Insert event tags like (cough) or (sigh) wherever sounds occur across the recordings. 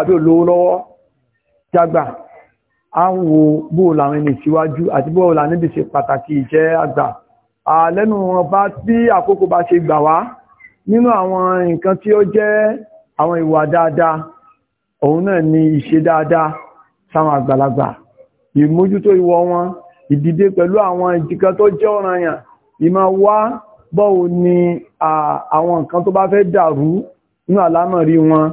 àbí olówó lọ́wọ́ jágbà a ń wo bóòlù àwọn ẹni síwájú àti bóòlù àníbi ṣe pàtàkì ìjẹ́ àgbà lẹ́nu wọn bá bí àkókò bá ṣe gbà wá nínú àwọn nǹkan tí ó jẹ́ àwọn ìwà dáadáa òun náà ni ìṣe dáadáa sáwọn àgbàlagbà ìmójútó ìwọ wọn ìdìde pẹ̀lú àwọn ìjìkan tó jẹ́ ọ̀ranyàn ìmọ̀ wá bọ́ọ̀ ni àwọn nǹkan tó bá fẹ́ dàrú nínú àlámọ̀rí wọn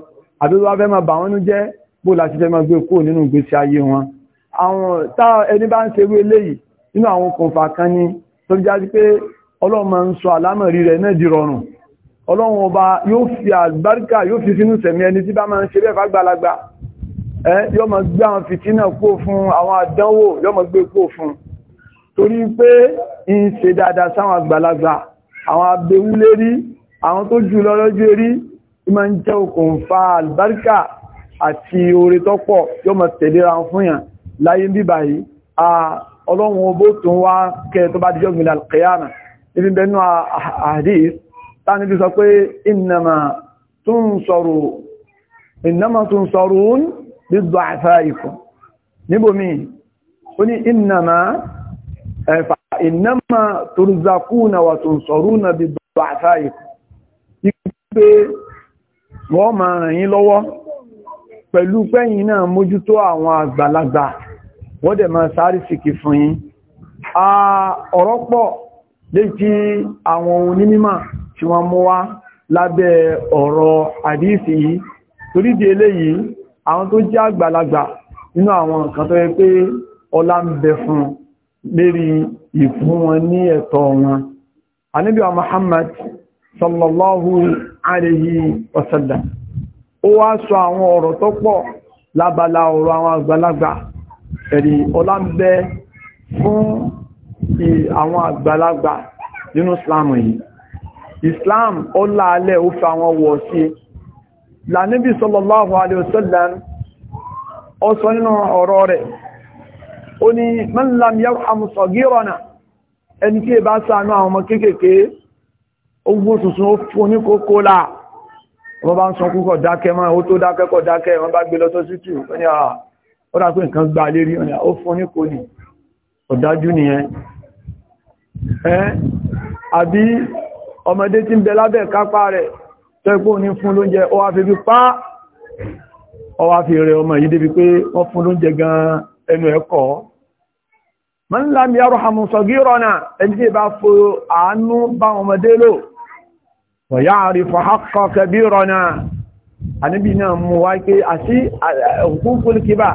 àbí wá fẹ́ máa bà wọ́n nú jẹ́ bó láti fẹ́ máa gbé kó nínú ìgbésí ayé wọn àwọn tá ẹni bá ń ṣe wé léyìí nínú àwọn okùnfà kan ni tó fi jáde pé ọlọ́run máa ń sọ àlámọ̀rí rẹ̀ náà di rọrùn ọlọ́run ọba yóò fi àgbáríkà yóò fi sínú sẹ̀mí ẹni tí bá máa ń ṣe bẹ́ẹ̀ fàgbàlagbà ẹ yóò máa gbé àwọn fìtínà kó fún àwọn àdánwò yóò máa gbé kó fún torí pé ń ṣe dáadáa sáwọn àgbàlagbà àwọn abewúlérí àwọn tó jù lọ́lọ́jú erí ìmọ̀ ń jẹ́ òkùnfà àlùbáríkà àti oore tọ́pọ̀ yóò mọ̀ tẹ̀léra fún yàn láyé ń bíbà yìí a ọlọ́run obó tó ń wá kẹ́ tó bá díjọ́ gbìnà alkiyama ibi bẹnu hadith tánà bí sọ pé innama tunsarun bid-du'afaikum níbòmí ó ní innama wọ́n máa ràn yín lọ́wọ́ pẹ̀lú pẹ́yìn náà mójútó àwọn àgbàlagbà wọ́n dẹ̀ máa sáré síkì fún yín ọ̀rọ̀ pọ̀ lè tí àwọn onímímà tí wọ́n mú wá lábẹ́ ọ̀rọ̀ àdíìsì yìí torídìí eléyìí àwọn tó jẹ́ àgbàlagbà nínú àwọn nǹkan tó yẹ pé ọlá ń bẹ fún lérí ìfún wọn ní ẹ̀tọ́ wọn anábíwa Muhammad sallallahu alayhi wa sallam ó wá sọ àwọn ọ̀rọ̀ tó pọ̀ lábala ọ̀rọ̀ àwọn àgbàlagbà ẹ̀rí ọlá ń bẹ fún àwọn àgbàlagbà nínú islam yìí islam ó láàálẹ̀ ó fa àwọn wọ̀ sí lànàbí sallallahu alayhi wa sallam ó sọ nínú ọ̀rọ̀ rẹ̀ ó ní man lam yarham saghirana ẹni tí è bá ṣàánú àwọn ogbó tuntun ó fún ní kókó là wọ́n bá ń sọ kúkọ̀ dákẹ́ mọ́ ó tó dákẹ́ kọ̀ dákẹ́ wọ́n bá gbé lọ sọ́sítù ó ní àà ó dá pé nǹkan gbà lérí ọ̀nà ó fún ní kò ní ọ̀dájú nìyẹn àbí ọmọdé tí ń bẹ lábẹ́ kápá rẹ̀ tẹ́gbó ní fún lóúnjẹ fo àánú bá ọmọdé wọ̀yá àrífà hakọ̀ kẹbírọ̀ náà àníbì náà mú wá pé àti òkúnkún kíbà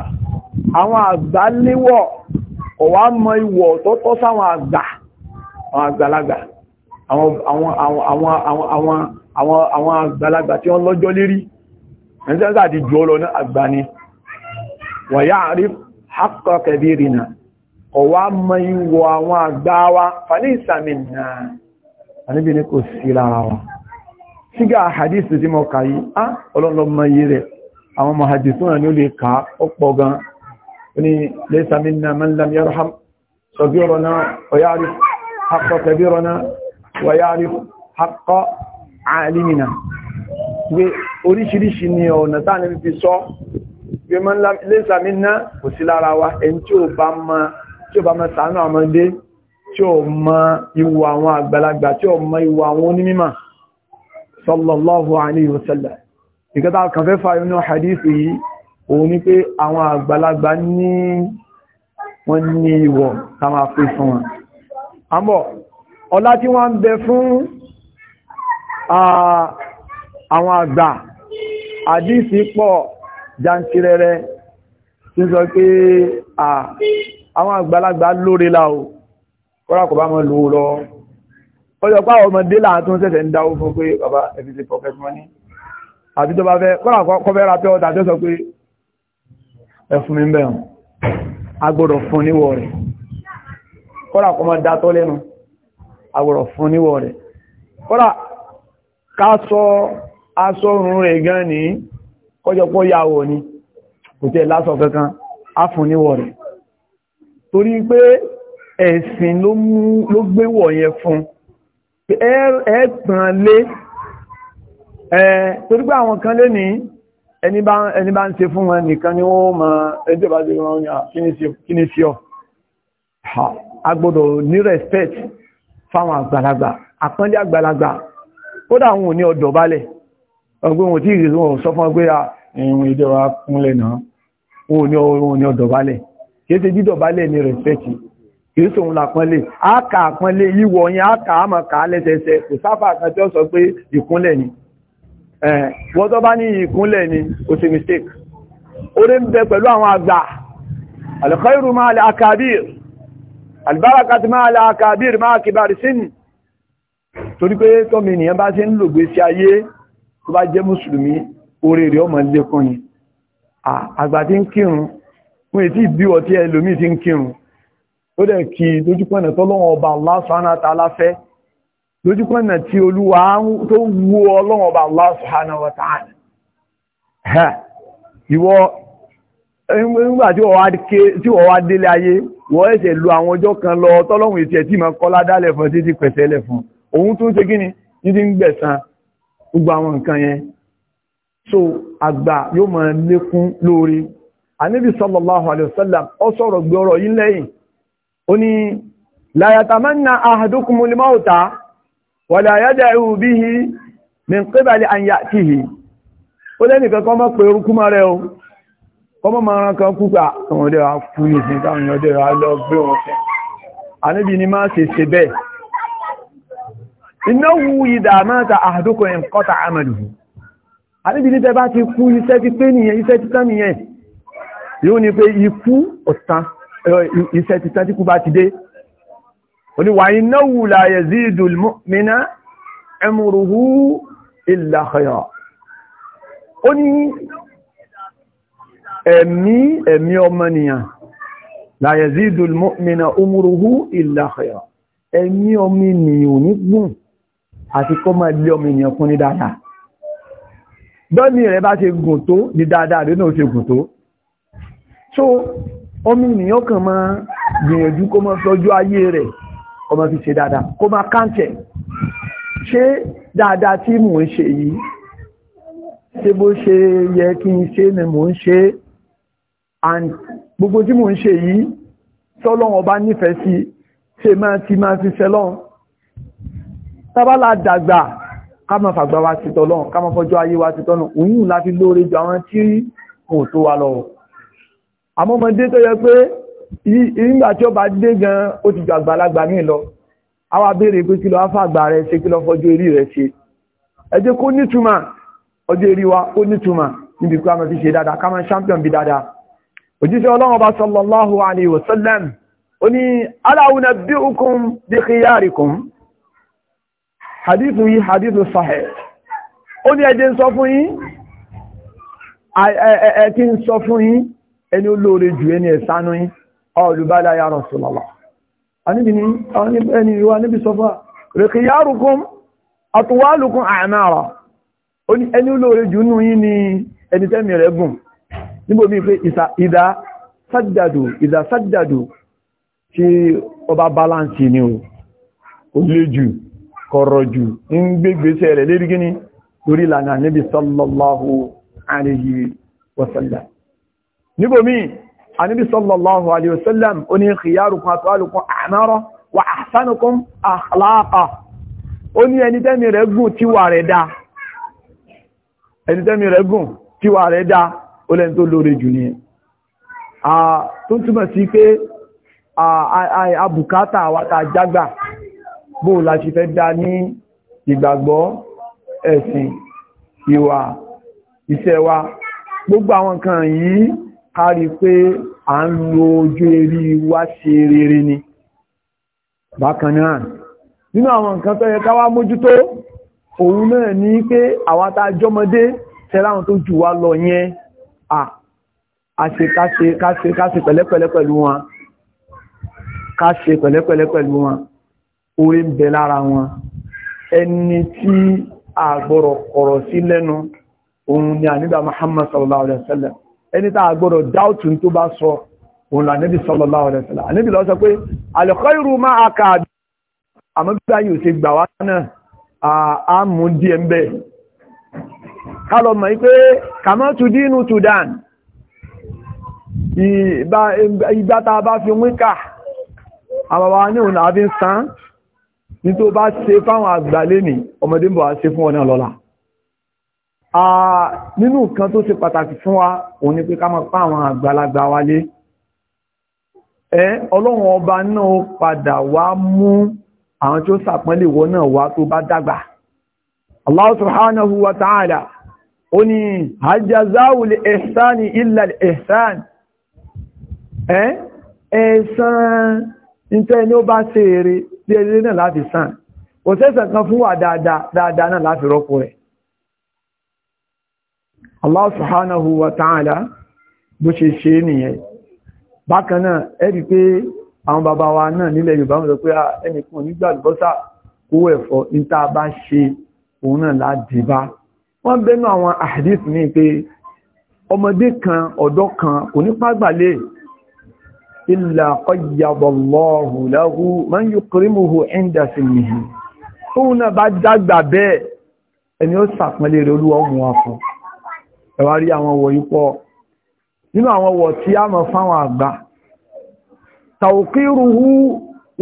àwọn àgbà léwọ̀ ọ̀wá mọ ìwọ̀ tó tọ́ sáwọn àgbà àwọn àgbàlagbà àwọn àgbàlagbà tí wọ́n lọ́jọ́ lérí ẹ̀sẹ́sẹ́ àti jù ọlọ ní àgbà ni wọ̀yá àrífà hakọ̀ kẹbírì náà ọ̀wá mọ ìwọ̀ àwọn àgbà wa fàní ìsàmì náà àníbì ní kò sí lára wọn ṣígá hadith tí mo kà yìí á ọlọ́lọ́mọ yìí rẹ̀ àwọn ọmọ hadith náà ni ó lè kà ọ̀pọ̀ gan ní laysa minna man lam yarham sabirana wa ya'rif haqqa kabirana wa ya'rif haqqa alimina pé oríṣiríṣi ni ọ̀nà táàlẹ́ fi sọ pé laysa minna kò ìwà àwọn àgbàlagbà tí ó ìwà àwọn onímímọ̀ sallallahu alayhi wa sallam ìkẹta kàfẹ́ fàyọ ní hadithi yìí òun ní pé àwọn àgbàlagbà ní wọ́n ní ìwọ̀ ta máa fi fún wọn àmọ́ ọlá tí wọ́n ń bẹ fún àwọn àgbà àdísì pọ̀ jantirẹrẹ tí sọ pé àwọn àgbàlagbà lórí láò kọ́rà bá mọ́ lòó ọjọ́ pá ọmọdé láàtún sẹ́sẹ̀ ń dáwó fún pé bàbá ẹ̀fí sí pocket money àti tó bá fẹ́ kọ́nà kọfẹ́ ra pé ọ̀tà tó sọ pé ẹfún mi bẹ̀rùn agbọ́dọ̀ fún níwọ̀ rẹ̀ kọ́nà kọmọ dátọ́ lẹ́nu agbọ́dọ̀ fún níwọ̀ rẹ̀ kọ́nà ká sọ asọ́run rẹ̀ gan ní kọjọpọ̀ yàwó ni kò tẹ́ lásọ kankan ẹ̀sìn ló gbéwọ̀ yẹn fún ẹ̀ẹ́gbọ̀n lé torí pé àwọn kan lé ní ẹni bá ń se fún wọn nìkan ni wọ́n mọ̀ ẹjọ́ bá ṣe wọ́n ah, kí ní sí ọ a gbọ́dọ̀ ní respect fáwọn àgbàlagbà àpọ́ndé àgbàlagbà kódà wọn ò ní ọ̀dọ̀ balẹ̀ ọgbọ́n wọn tí ìrìnlẹ̀ wọn sọ fún ọgbẹ́ ìrìn ìdẹ́wà kúnlẹ̀ náà wọn ò ní ọ̀dọ̀ balẹ̀ kìí ṣe dídọ̀ balẹ̀ kìí sòun làpọ́nlé a kà àpọ́nlé ìwọ̀ yẹn a kà á mọ̀ kà á lẹ́sẹsẹ kò sáfà kan tí ó sọ pé ìkúnlẹ̀ ni wọ́n tó bá ní ìkúnlẹ̀ ni ó ṣe mistake orí ń bẹ pẹ̀lú àwọn àgbà alkhairu máa lè akabir albarakat máa lè akabir máa kìbàrí sínú torí pé tọ́mì ènìyàn bá ṣe ń lògbé sí ayé tó bá jẹ́ mùsùlùmí orí rẹ̀ ọmọ lékún ni àgbà tí ń kírun fún ètí ìbíwọ̀ tí ẹlòmí ti ń kírun ó dẹ̀ kí lójúpọ̀nà tọ́lọ́wọ́ ọba Allah subhanahu wa ta'ala fẹ́ lójúpọ̀nà tí olúwa tó wú ọlọ́wọ́ ọba Allah subhanahu wa ta'ala ìwọ nígbà tí wọ́n wá délé ayé wọ́n ẹ̀sẹ̀ lu àwọn ọjọ́ kan lọ tọ́lọ́wọ́ ìtẹ̀ tí ma kọ́lá dálẹ̀ fún títí pẹ̀tẹ́lẹ̀ fún òun tó ń ṣe kíni títí ń gbẹ̀san gbogbo àwọn nǹkan yẹn so àgbà yóò máa lékún lórí Ànábì sallallahu alaihi wasallam ọ sọ̀rọ̀ gbọ́rọ̀ yín lẹ́yìn ó ní la yatamanna ahadukumul mauta wala yad'u bihi min qibali an ya'tihi ó lẹ́nìkan kọ́ mọ́ pé orúkú mọ́ rẹ̀ o kọ́mọ́ máa rán kan kúgbà ọmọdé wa kú ní ìsìn táwọn ọdẹ wa lọ gbé wọn ni máa ikú ọ̀tán iṣẹ́ ti tán tí kú bá ti dé oníwàáyí náwù láyẹ̀ sí ìdùlmọ́ mìíná ẹmùrùhú ìlàkọ̀yà ó ní ẹ̀mí ẹ̀mí ọmọnìyàn láyẹ̀ sí ìdùlmọ́ mìíná ẹmùrùhú ìlàkọ̀yà ẹ̀mí ọmọnìyàn ò ní gùn àti kọ́ máa lé ọmọnìyàn kún ní dáadáa bẹ́ẹ̀ni rẹ̀ bá ṣe gùn tó ní dáadáa rẹ̀ náà ṣe gùn tó so omi ènìyàn kan máa gbìyànjú kó máa fi ọjọ́ ayé rẹ̀ kó máa fi ṣe dáadáa kó máa káǹtẹ̀ ṣé dáadáa tí mò ń ṣe yìí ṣé bó ṣe yẹ kí n ṣe ni mò ń ṣe and gbogbo tí mò ń ṣe yìí tọ́lọ́wọ́n bá nífẹ̀ẹ́ sí ṣe máa ti máa fi ṣẹlọ́n tábàlà dàgbà ká máa fàgbà wá sí tọ́lọ́n ká máa fọjọ́ ayé wá sí tọ́lọ́n òun láti lóore ju àwọn tí kò tó wa lọ́wọ́ àmọ́mọdé tó yẹ pé ìgbà tí ó bá dé gan ó ti ju àgbàlagbà míì lọ àwa béèrè pé kí ló wá fàgbà rẹ ṣe kí ló fọjọ́ eré rẹ ṣe ẹ jẹ́ kó nítumà ọjọ́ eré wa ó nítumà níbi kí a máa fi ṣe dáadáa ká máa champion bí dáadáa òjíṣẹ́ ọlọ́run ọba sallallahu alayhi wa ó ní ala unabbi'ukum bi khiyarikum hadithu yìí hadithu sahih ó ní ẹjẹ́ sọ fún yín ẹ̀kí ń sọ fún yín ẹni olóore jù ẹni ẹ̀sánú yín ọlùbálá ya Rasulullah ẹni ìwà níbi sọfà rẹ̀kìyàrùkún àtúwálùkún àmàrà ẹni olóore jù nù yín ni ẹni tẹ́mì rẹ̀ gùn níbòmí pé ìdá sájàdù ìdá ọba balance ni o ó lé jù kọ̀rọ̀ jù ń gbégbèsẹ̀ rẹ̀ lérí gíní lórí ìlànà níbi sallallahu wasallam níbòmí àníbí sallallahu alayhi wa sallam ó ní khiyarukum atwalukum a'mara wa ahsanukum akhlaqa ó ní ẹni tẹ́mi rẹ̀ gùn tíwà rẹ̀ dá ẹni tẹ́mi rẹ̀ gùn tíwà rẹ̀ dá ó lẹ́ni tó lóore jù ní tó túnmọ̀ sí pé abùkátà àwátà jágbà bó la ṣe fẹ́ dá ní ìgbàgbọ́ ẹ̀sìn ìwà iṣẹ́ wa gbogbo àwọn nǹkan yìí kárí pé à ń lo ojú erí wá ṣe rere ni bákan náà nínú àwọn nǹkan tó yẹ káwá mójútó òun náà ní pé àwọn àtàjọmọdé tẹ́láwọn tó jù wá lọ yẹn àṣe káṣe káṣe káṣe pẹ̀lẹ́pẹ̀lẹ́ pẹ̀lú wọn káṣe pẹ̀lẹ́pẹ̀lẹ́ pẹ̀lú wọn orí ń bẹ lára wọn ẹni tí àgbọ̀rọ̀ kọ̀rọ̀ sí lẹ́nu òun ni àníbà Muhammad sallallahu alaihi wasallam ẹni tá a gbọ́dọ̀ dáútù tó bá sọ òun là níbi sallallahu alaihi wasallam níbi lọ sọ pé al-khayru ma'aka àmọ́ bí báyìí ò ṣe gbà wá náà a mú díẹ̀ ń bẹ̀ ká lọ mọ̀ pé kàmọ́ tu dínú Sudan ìgbà tá a bá fi wíkà àbàbà ní òun àfi ń san ní tó bá ṣe fáwọn àgbà lẹ́nìí ọmọdé ń bọ̀ wá ṣe fún ọ náà lọ́la nínú nǹkan tó ṣe pàtàkì fún wa òun ni pé ká máa pa àwọn àgbàlagbà wa lé ẹ́ ọlọ́run ọba náà padà wá mú àwọn tí ó sàpọ́nlé wọ náà wá tó bá dàgbà Allah subhanahu wa ta'ala ó ní àjàzáwò lè ihsani illa lè ihsan ẹ́ ẹ̀sán ìtẹ́ ni ó bá ṣe eré tí eré náà láti sàn kò sẹ́sàn kan fún wa dáadáa náà láti rọ́pò rẹ̀ Allah subhanahu wa ta'ala bó ṣe ṣe nìyẹn. Bákan náà, ẹ̀rí pé àwọn bàbá wa náà nílẹ̀ Yorùbá mọ̀ pé ah, ẹnìkan nígbà lọ́sà kó ẹ̀fọ́ níta bá ṣe òun náà láti bá. Wọ́n bẹ́nu àwọn àdìs ní pé ọmọdé kan ọ̀dọ́ kan kò ní pàgbàlẹ̀ illa ẹwà rí àwọn ọwọ̀ ipọ̀ nínú àwọn ọwọ̀ tí a mọ̀ fáwọn àgbà tàùkírùhú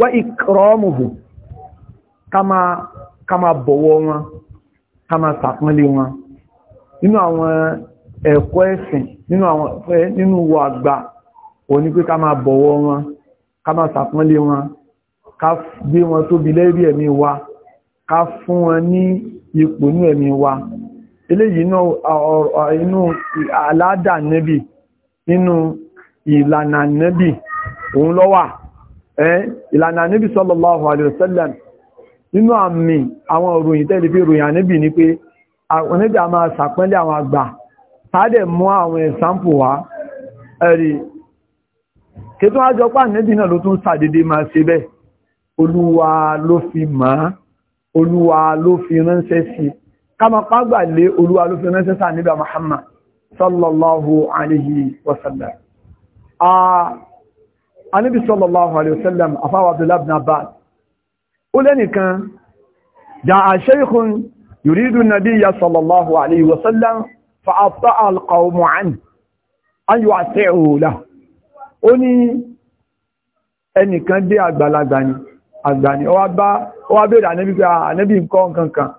wá ìkọrọmùhù ká máa bọ̀wọ̀ wọn ká máa sàpọ́nlé wọn nínú àwọn ẹ̀kọ́ ẹ̀sìn nínú wọ àgbà ò pé ká máa wọn ká máa wa ká fún wọn ní eléyìí inú aládà nẹ́bì nínú ìlànà nẹ́bì òun lọ́wà ìlànà nẹ́bì sallallahu alaihi wasallam nínú àmì àwọn òròyìn tẹ́lẹ̀ fi ròyìn nẹ́bì ni pé àwọn nẹ́bì a máa sàpẹ́lẹ̀ àwọn àgbà tàádẹ̀ mú àwọn ẹ̀sàmpù wá ẹ̀rì kẹtọ́ àjọpá nẹ́bì náà ló tún sàdédé máa kama pàgbà lé olúwa ló fi ránṣẹ́ sáà nígbà Muhammad sallallahu alaihi wasallam anábi sallallahu alaihi wasallam afáwà abdullahi ibn abbas ó lẹ́nìkan da a shaykhun yuridu nabiyya sallallahu alaihi wasallam fa'afta alqawmu an an yi wa tẹ́ẹ̀hù láà ó ní ẹnìkan dé àgbàlagbà ni àgbà ni ó wá bèèrè ànẹ́bí ah, nǹkan kankan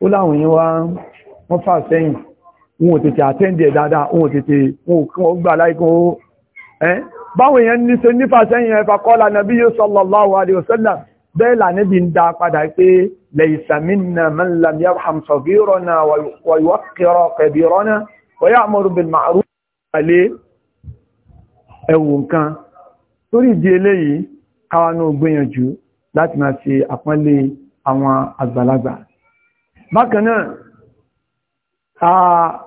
ó láwọn èèyàn wá wọ́n fà sẹ́yìn wọn ò tètè àtẹ́ǹdì ẹ̀ dáadáa wọn ò tètè wọn ò gbà láìkún ó ẹ́ báwọn èèyàn ní ṣe nífà sẹ́yìn ẹ̀fà kọ́lá nàbí yóò sallallahu alaihi wasallam bẹ́ẹ̀ là níbi ń da padà pé laysa minna man àwọn àgbàlagbà bákan a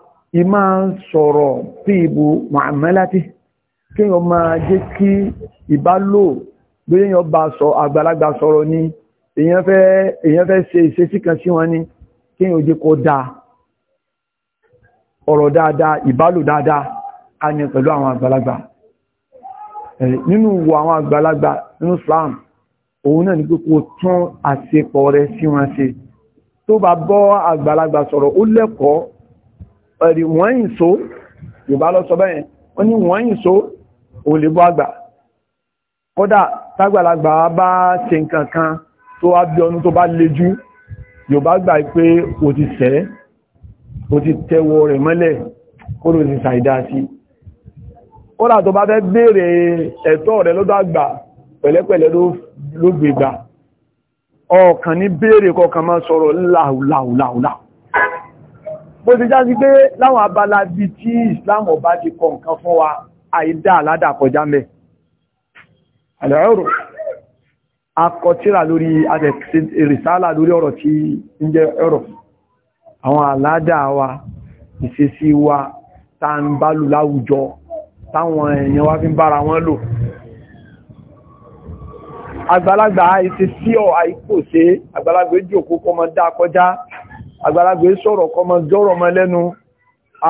ìmá sọ̀rọ̀ sí ìbò mọ̀mẹ́látí kí yọ máa jẹ́ kí ìbálò bí yọ bá sọ àgbàlagbà sọ̀rọ̀ ni èyàn fẹ́ ṣe ìṣesí kan sí wọn ni kí yọ jẹ́ kó dáa ọ̀rọ̀ dáadáa ìbálò dáadáa a ní pẹ̀lú àwọn àgbàlagbà nínú wo àwọn àgbàlagbà nínú Islam òun náà ní pé kó tún àṣepọ̀ rẹ̀ sí wọn ṣe tó bá bọ́ àgbàlagbà sọ̀rọ̀ ó lẹ́kọ̀ọ́ ẹ̀rì wọ́n yìí so Yorùbá lọ sọ bẹ́ẹ̀ wọ́n ní wọ́n yìí so ò lè bọ́ àgbà kódà tágbàlagbà bá ṣe nǹkan kan tó wá bí ọdún tó bá lejú Yorùbá gbà pé o ti sẹ́ o ti tẹwọ rẹ̀ mọ́lẹ̀ kó ló ti ṣàìdá sí kódà tó bá fẹ́ béèrè ẹ̀tọ́ rẹ̀ lọ́dọ̀ àgbà pẹ̀lẹ́pẹ̀lẹ́ ló gbègbà ọ̀kan ní béèrè kọkàn máa sọ̀rọ̀ láùláùláùlá bó ti já sí pé láwọn abala bí tí Islam ọba ti kọ nǹkan fún wa àìdá aládà kọjá mẹ́ àlẹ́rọ̀ akọtíra lórí ìrìsálà lórí wa ìṣesí wa tá ń bá lù láwùjọ táwọn èèyàn àgbàlagbà ìsì sí ọ̀ àìkòṣe àgbàlagbà ìjòkó kọmọ dá kọjá àgbàlagbà sọ̀rọ̀ kọmọ jọ́rọ̀ mọ́ lẹ́nu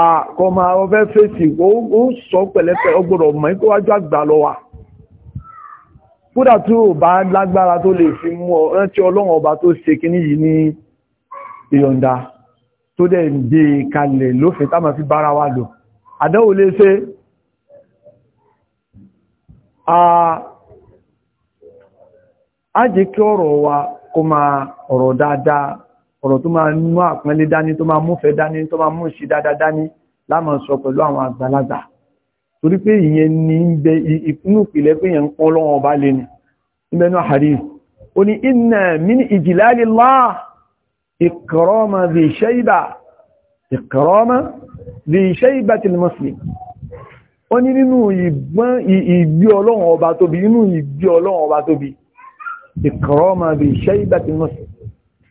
àkọmọ ọfẹ́ fèsì ó sọ pẹ̀lẹ́pẹ̀ ọgbọ̀rọ̀ mọ́ ikú wájú àgbà lọ wà kódà tí ò bá lágbára tó lè fi mú ọ rántí ọlọ́run ọba tó ṣe kíní yìí ní ìyọ̀ǹda tó dẹ̀ ń gbé e kalẹ̀ lófin táwọn fi bára wa lò àdánwò lè ṣe á jẹ́ kí ọ̀rọ̀ wa kó máa ọ̀rọ̀ dáadáa ọ̀rọ̀ tó máa nú àpọ́nlé dání tó máa múfẹ́ dání tó máa mú ìṣe dáadáa dání láàmà sọ pẹ̀lú àwọn àgbàlagbà torí pé ìyẹn ní ń bẹ ìpínú ìpìlẹ̀ pé yẹn ń pọ́n lọ́wọ́ ọba lè ní ìbẹ̀nú àhàrí ó ní inna min ijlalillah ikrama dhi shayba ikrama dhi shaybatil muslim ó ní nínú ìgbọ́n ìgbí ọlọ́wọ́ ọba tóbi nínú ìgbí ọlọ́wọ́ ọba tóbi ìkọ̀rọ̀mà bí iṣẹ́ ìgbà tí wọ́n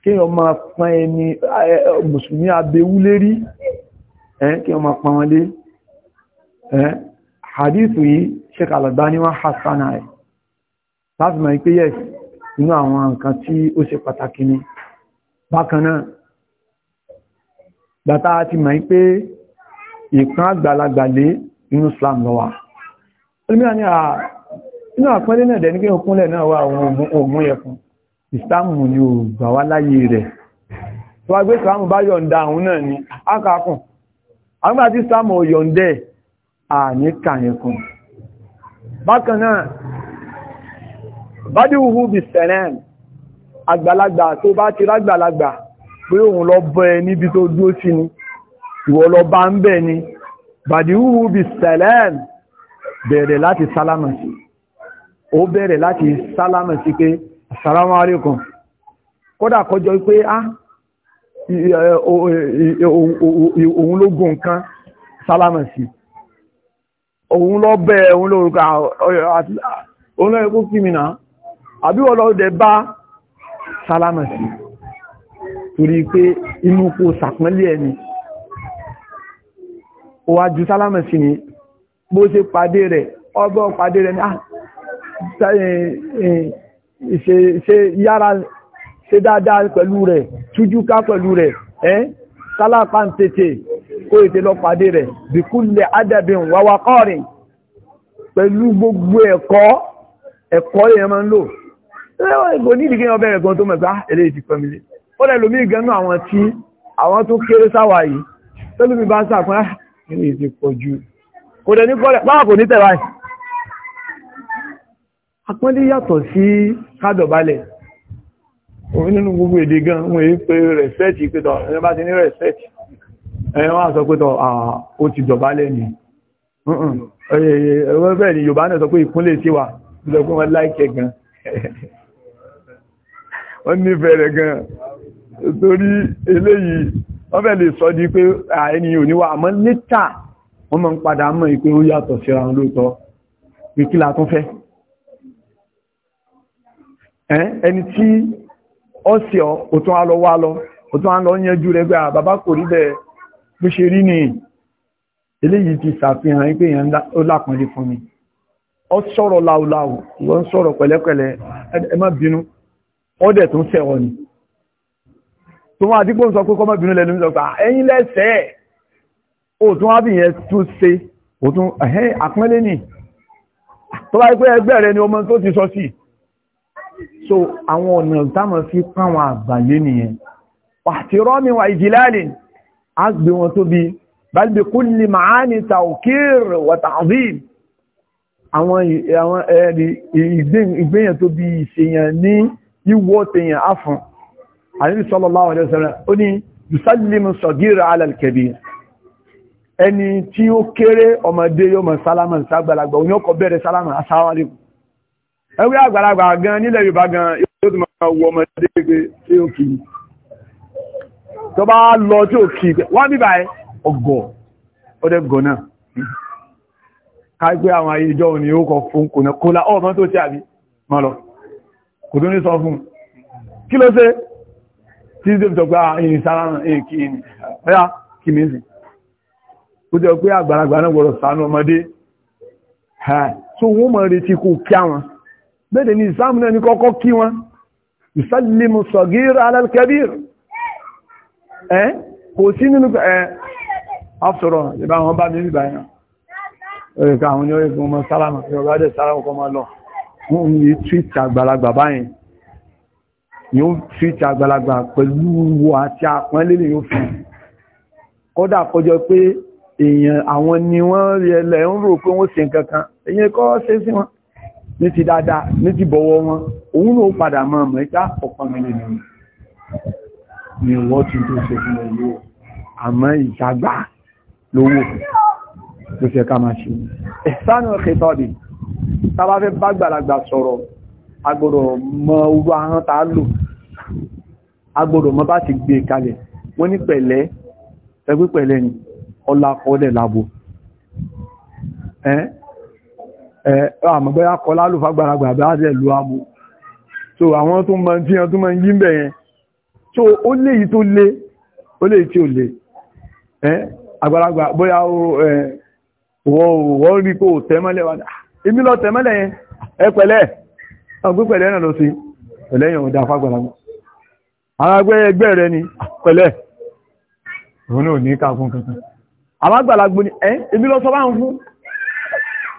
kí wọ́n máa pán ẹni mùsùlùmí abewú lérí kí wọ́n máa pán wọn lé hadithu yìí Sheikh Al-Albani wọ́n hasana ẹ̀ láti mọ̀ pé yes inú àwọn nǹkan tí ó ṣe pàtàkì ni bákan inú àpẹẹlẹ náà dẹ̀ ní kí òkúnlẹ̀ náà wà ogun ẹ̀kùn ìsáàmù ni ò gbà wá láyé rẹ̀ tó wá gbé ìsáàmù bá yọ̀ǹda àwọn náà ni akàkùn àgbà tí ìsáàmù ò yọ̀ǹdẹ̀ àníkà ẹ̀kùn bákan náà bádìwúhú bí sẹ̀rẹ̀n àgbàlagbà tó bá ni ìwọ lọ bá ń bẹ̀ ni bádìwúhú bí sẹ̀rẹ̀n bẹ̀rẹ̀ láti sálámà sí ó bẹ̀rẹ̀ láti sálámà sí pé assalamu kódà kọjọ pé á ah, òun ló gùn nǹkan sálámà sí òun lọ bẹ́ òun lórúkà òun lọ ẹkú kí mi náà lọ dẹ̀ bá sálámà sí torí pé inú kò sàpọ́nlé ẹni ó wá ju sálámà sí ni bó ṣe pàdé rẹ̀ ọgbọ́n pàdé rẹ̀ ah, Eh, eh, ṣe yára ṣe dáadáa pẹ̀lú rẹ̀ tújúká pẹ̀lú rẹ̀ ẹ́n sálápá ń tètè kó ètè lọ pàdé rẹ̀ bìkúlẹ̀ adẹ́bìn wàwà kọ́rin pẹ̀lú gbogbo ẹ̀kọ́ ẹ̀kọ́ yẹn máa ń lò ẹ̀kọ́ ní ìdíkẹ́ ọbẹ̀ rẹ̀ gan tó mẹ́gbá èlé ah, ti pẹ̀mílẹ̀ ó rẹ̀ lómi ìgẹ́nú àwọn tí àwọn tó kéré sáwà yìí tẹ́lú mi bá sàkún ah, àpọ́nlé yàtọ̀ sí kádọ̀bálẹ̀ òun nínú gbogbo èdè gan wọ́n èé pé rẹ̀sẹ́ẹ̀tì pẹ́tọ̀ ẹ̀yẹn bá ti ní rẹ̀sẹ́ẹ̀tì ẹ̀yẹn wá sọ pẹ́tọ̀ ó ti dọ̀bálẹ̀ ni ẹ̀rẹ́bẹ̀ẹ́ ni Yorùbá náà sọ pé ìkúnlẹ̀ sí wà lọ pé wọ́n láìkẹ́ gan (laughs) wọ́n nífẹ̀ẹ́ rẹ̀ gan torí eléyìí wọ́n fẹ́ lè sọ di pé ènìyàn níwà àmọ́ létà wọ́n máa ń padà mọ̀ ìpé ó yàtọ̀ ẹni tí ọ̀sẹ̀ òtún alọ wá lọ òtún alọ yẹnjú rẹ̀ gbà bàbá kò rí bẹ́ẹ̀ bó ṣe rí ni eléyìí ti ṣàfihàn pé èèyàn ó lápọ̀nlé fún mi ọ sọ̀rọ̀ láuláu ìwọ ń sọ̀rọ̀ pẹ̀lẹ́pẹ̀lẹ́ ẹ má bínú ó dẹ̀ tún ṣẹ̀wọ̀ ni tó wọ́n àdígbò ń sọ pé kọ́mọ́ bínú lẹ́nu sọ pé ẹ̀yin lẹ́sẹ̀ ó tún tún ṣe ó tún ẹ̀hẹ́ tó bá yẹ pé ẹgbẹ́ rẹ ni ọmọ tó ti sọ sí i so àwọn ọ̀nà ìtàmọ̀ fi pàwọn àgbàlé nìyẹn àti rọ́mí wà ìjìláàlì a gbé wọn tó bí balbi kulli ma'ani taukir wa ta'zim àwọn ìgbéyàn tó bí ìṣèyàn ní ìwọ́ tèyàn afún àníbi sallallahu alaihi wasallam ó ní yusallimu sagira ala al-kabir ẹni tí ó kéré ọmọdé yóò mọ̀ sálámà ságbàlagbà oníọ́kọ̀ bẹ̀rẹ̀ sálámà asáwáríkù ẹwé àgbàlagbà gan nílẹ̀ Yorùbá gan yóò ti máa wọ ọmọdé pé tí ó kì í tó bá lọ tí ó kì í wọ́n bí báyìí ọgọ̀ ọdẹ gọ̀ náà káìpé àwọn ayé ìjọ òní ó kọ fún kò náà kó lá ọmọ tó tí àbí máa lọ kò tó ní sọ fún kí ló ṣe tí ó sọ pé ah, ìrìn sára èkì ìrìn ọ̀yá kì mí sí ó jẹ́ pé àgbàlagbà náà gbọ́dọ̀ ṣàánú ọmọdé so wọ́n mọ̀ retí kó kí bẹ́ẹ̀ ni ìsáàmù náà ní kọ́kọ́ kí wọn ìsálìmù sọ̀gírà alálkẹ́bìr ẹ́ kò sí nínú ẹ̀ afṣọ́rọ̀ ìbá wọn bá ní ìbá ẹ̀yàn ẹ̀rẹ̀kà àwọn oníwọ̀ ìfún ọmọ sálámà yọ̀rọ̀ adẹ́ sálámà kọ́ máa lọ wọ́n ní twitter àgbàlagbà báyìí yóò twitter àgbàlagbà pẹ̀lú wo kọjọ pé èèyàn àwọn ni wọ́n rí ẹlẹ́ ń rò pé wọ́n ṣe nǹkan kan èèyàn kọ́ ṣe sí wọn ní ti dáadáa ní ti bọ̀wọ̀ wọn òun ló padà máa mọ̀ ẹ́ká ah, ọ̀pọ̀ mẹ́lẹ̀ ni ni wọ́n ti tó ṣe fún ẹ̀yẹ àmọ́ ìṣàgbà lówó tó ṣe ká máa ṣe ẹ̀sánù ẹ̀kẹ́tọ́dì tàbá fẹ́ bá gbàlagbà sọ̀rọ̀ agbọ́dọ̀ mọ orú ahọ́n ta lò agbọ́dọ̀ e ọlá kọ́lẹ̀ lábo ẹ́ àmọ̀bọ́yá kọ lálùfà gbàràgbà bá rẹ̀ lọ amú so àwọn tó mọ̀ tí wọ́n tó mọ̀ yí bẹ̀ yẹn so ó lè yí tó lé ó lè tí ó lé àgbàràgbà bóyá wọ́n rí kó tẹ́mọ́lẹ̀ wà ah, èmi lọ tẹ́mọ́lẹ̀ yẹn ẹ pẹ̀lẹ́ ọgbẹ́ pẹ̀lẹ́ náà lọ sí pẹ̀lẹ́ yẹn ò dá fàgbàràgbà ara ẹgbẹ́ rẹ ni ah, pẹ̀lẹ́ òun náà ní káàkùn kankan àbágbàlagbò ni ẹ èmi lọ sọ báwọn fún